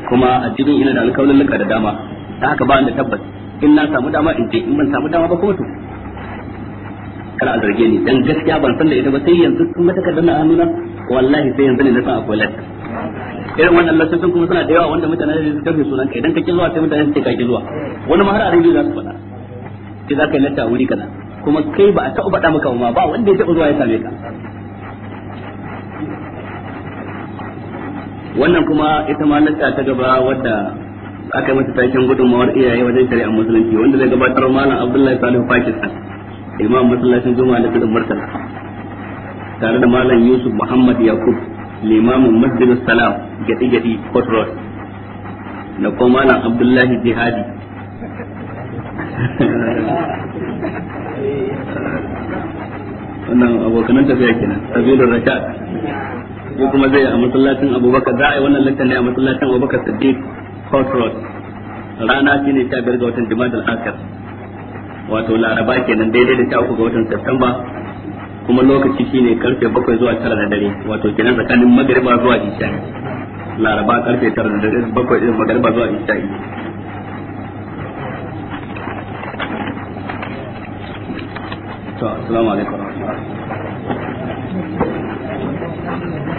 kuma a cikin ina da alƙawarin lika da dama ta haka ba da tabbas in na samu dama in je in ban samu dama ba ko to kana zarge ni dan gaskiya ban san da ita ba sai yanzu sun ga takardar na hannuna wallahi sai yanzu ne na san akwai lantar irin wannan lantocin kuma suna da yawa wanda mutane da su karfe sunan ka idan ka zuwa sai mutane su ce ka zuwa wani ma har a rediyo za su faɗa sai za ka yi lanta wuri kaza kuma kai ba a taɓa faɗa maka ba ba wanda ya taɓa zuwa ya same ka wannan kuma ita ma lanta ta gaba wadda aka yi mata takin gudunmawar iyaye wajen shari'ar musulunci wanda zai gabatar malam abdullahi salihu pakistan imam masallacin juma'a da tudun martala tare da malam yusuf muhammad yakub الإمام masjid السلام جدي جدي port نقوم da عبد الله الجهادي jihadi wannan abokanan tafiya kenan sabilur rashad ko kuma zai a masallacin abubakar za a yi wannan lantar ne a masallacin abubakar siddiq court road rana shine ta biyar ga watan jima'a al-akhir wato laraba kenan daidai da ta uku ga watan september kuma lokaci shine karfe bakwai zuwa tara da dare wato kenan tsakanin magariba zuwa isha'i laraba karfe tara da dare bakwai din magariba zuwa isha'i to assalamu alaikum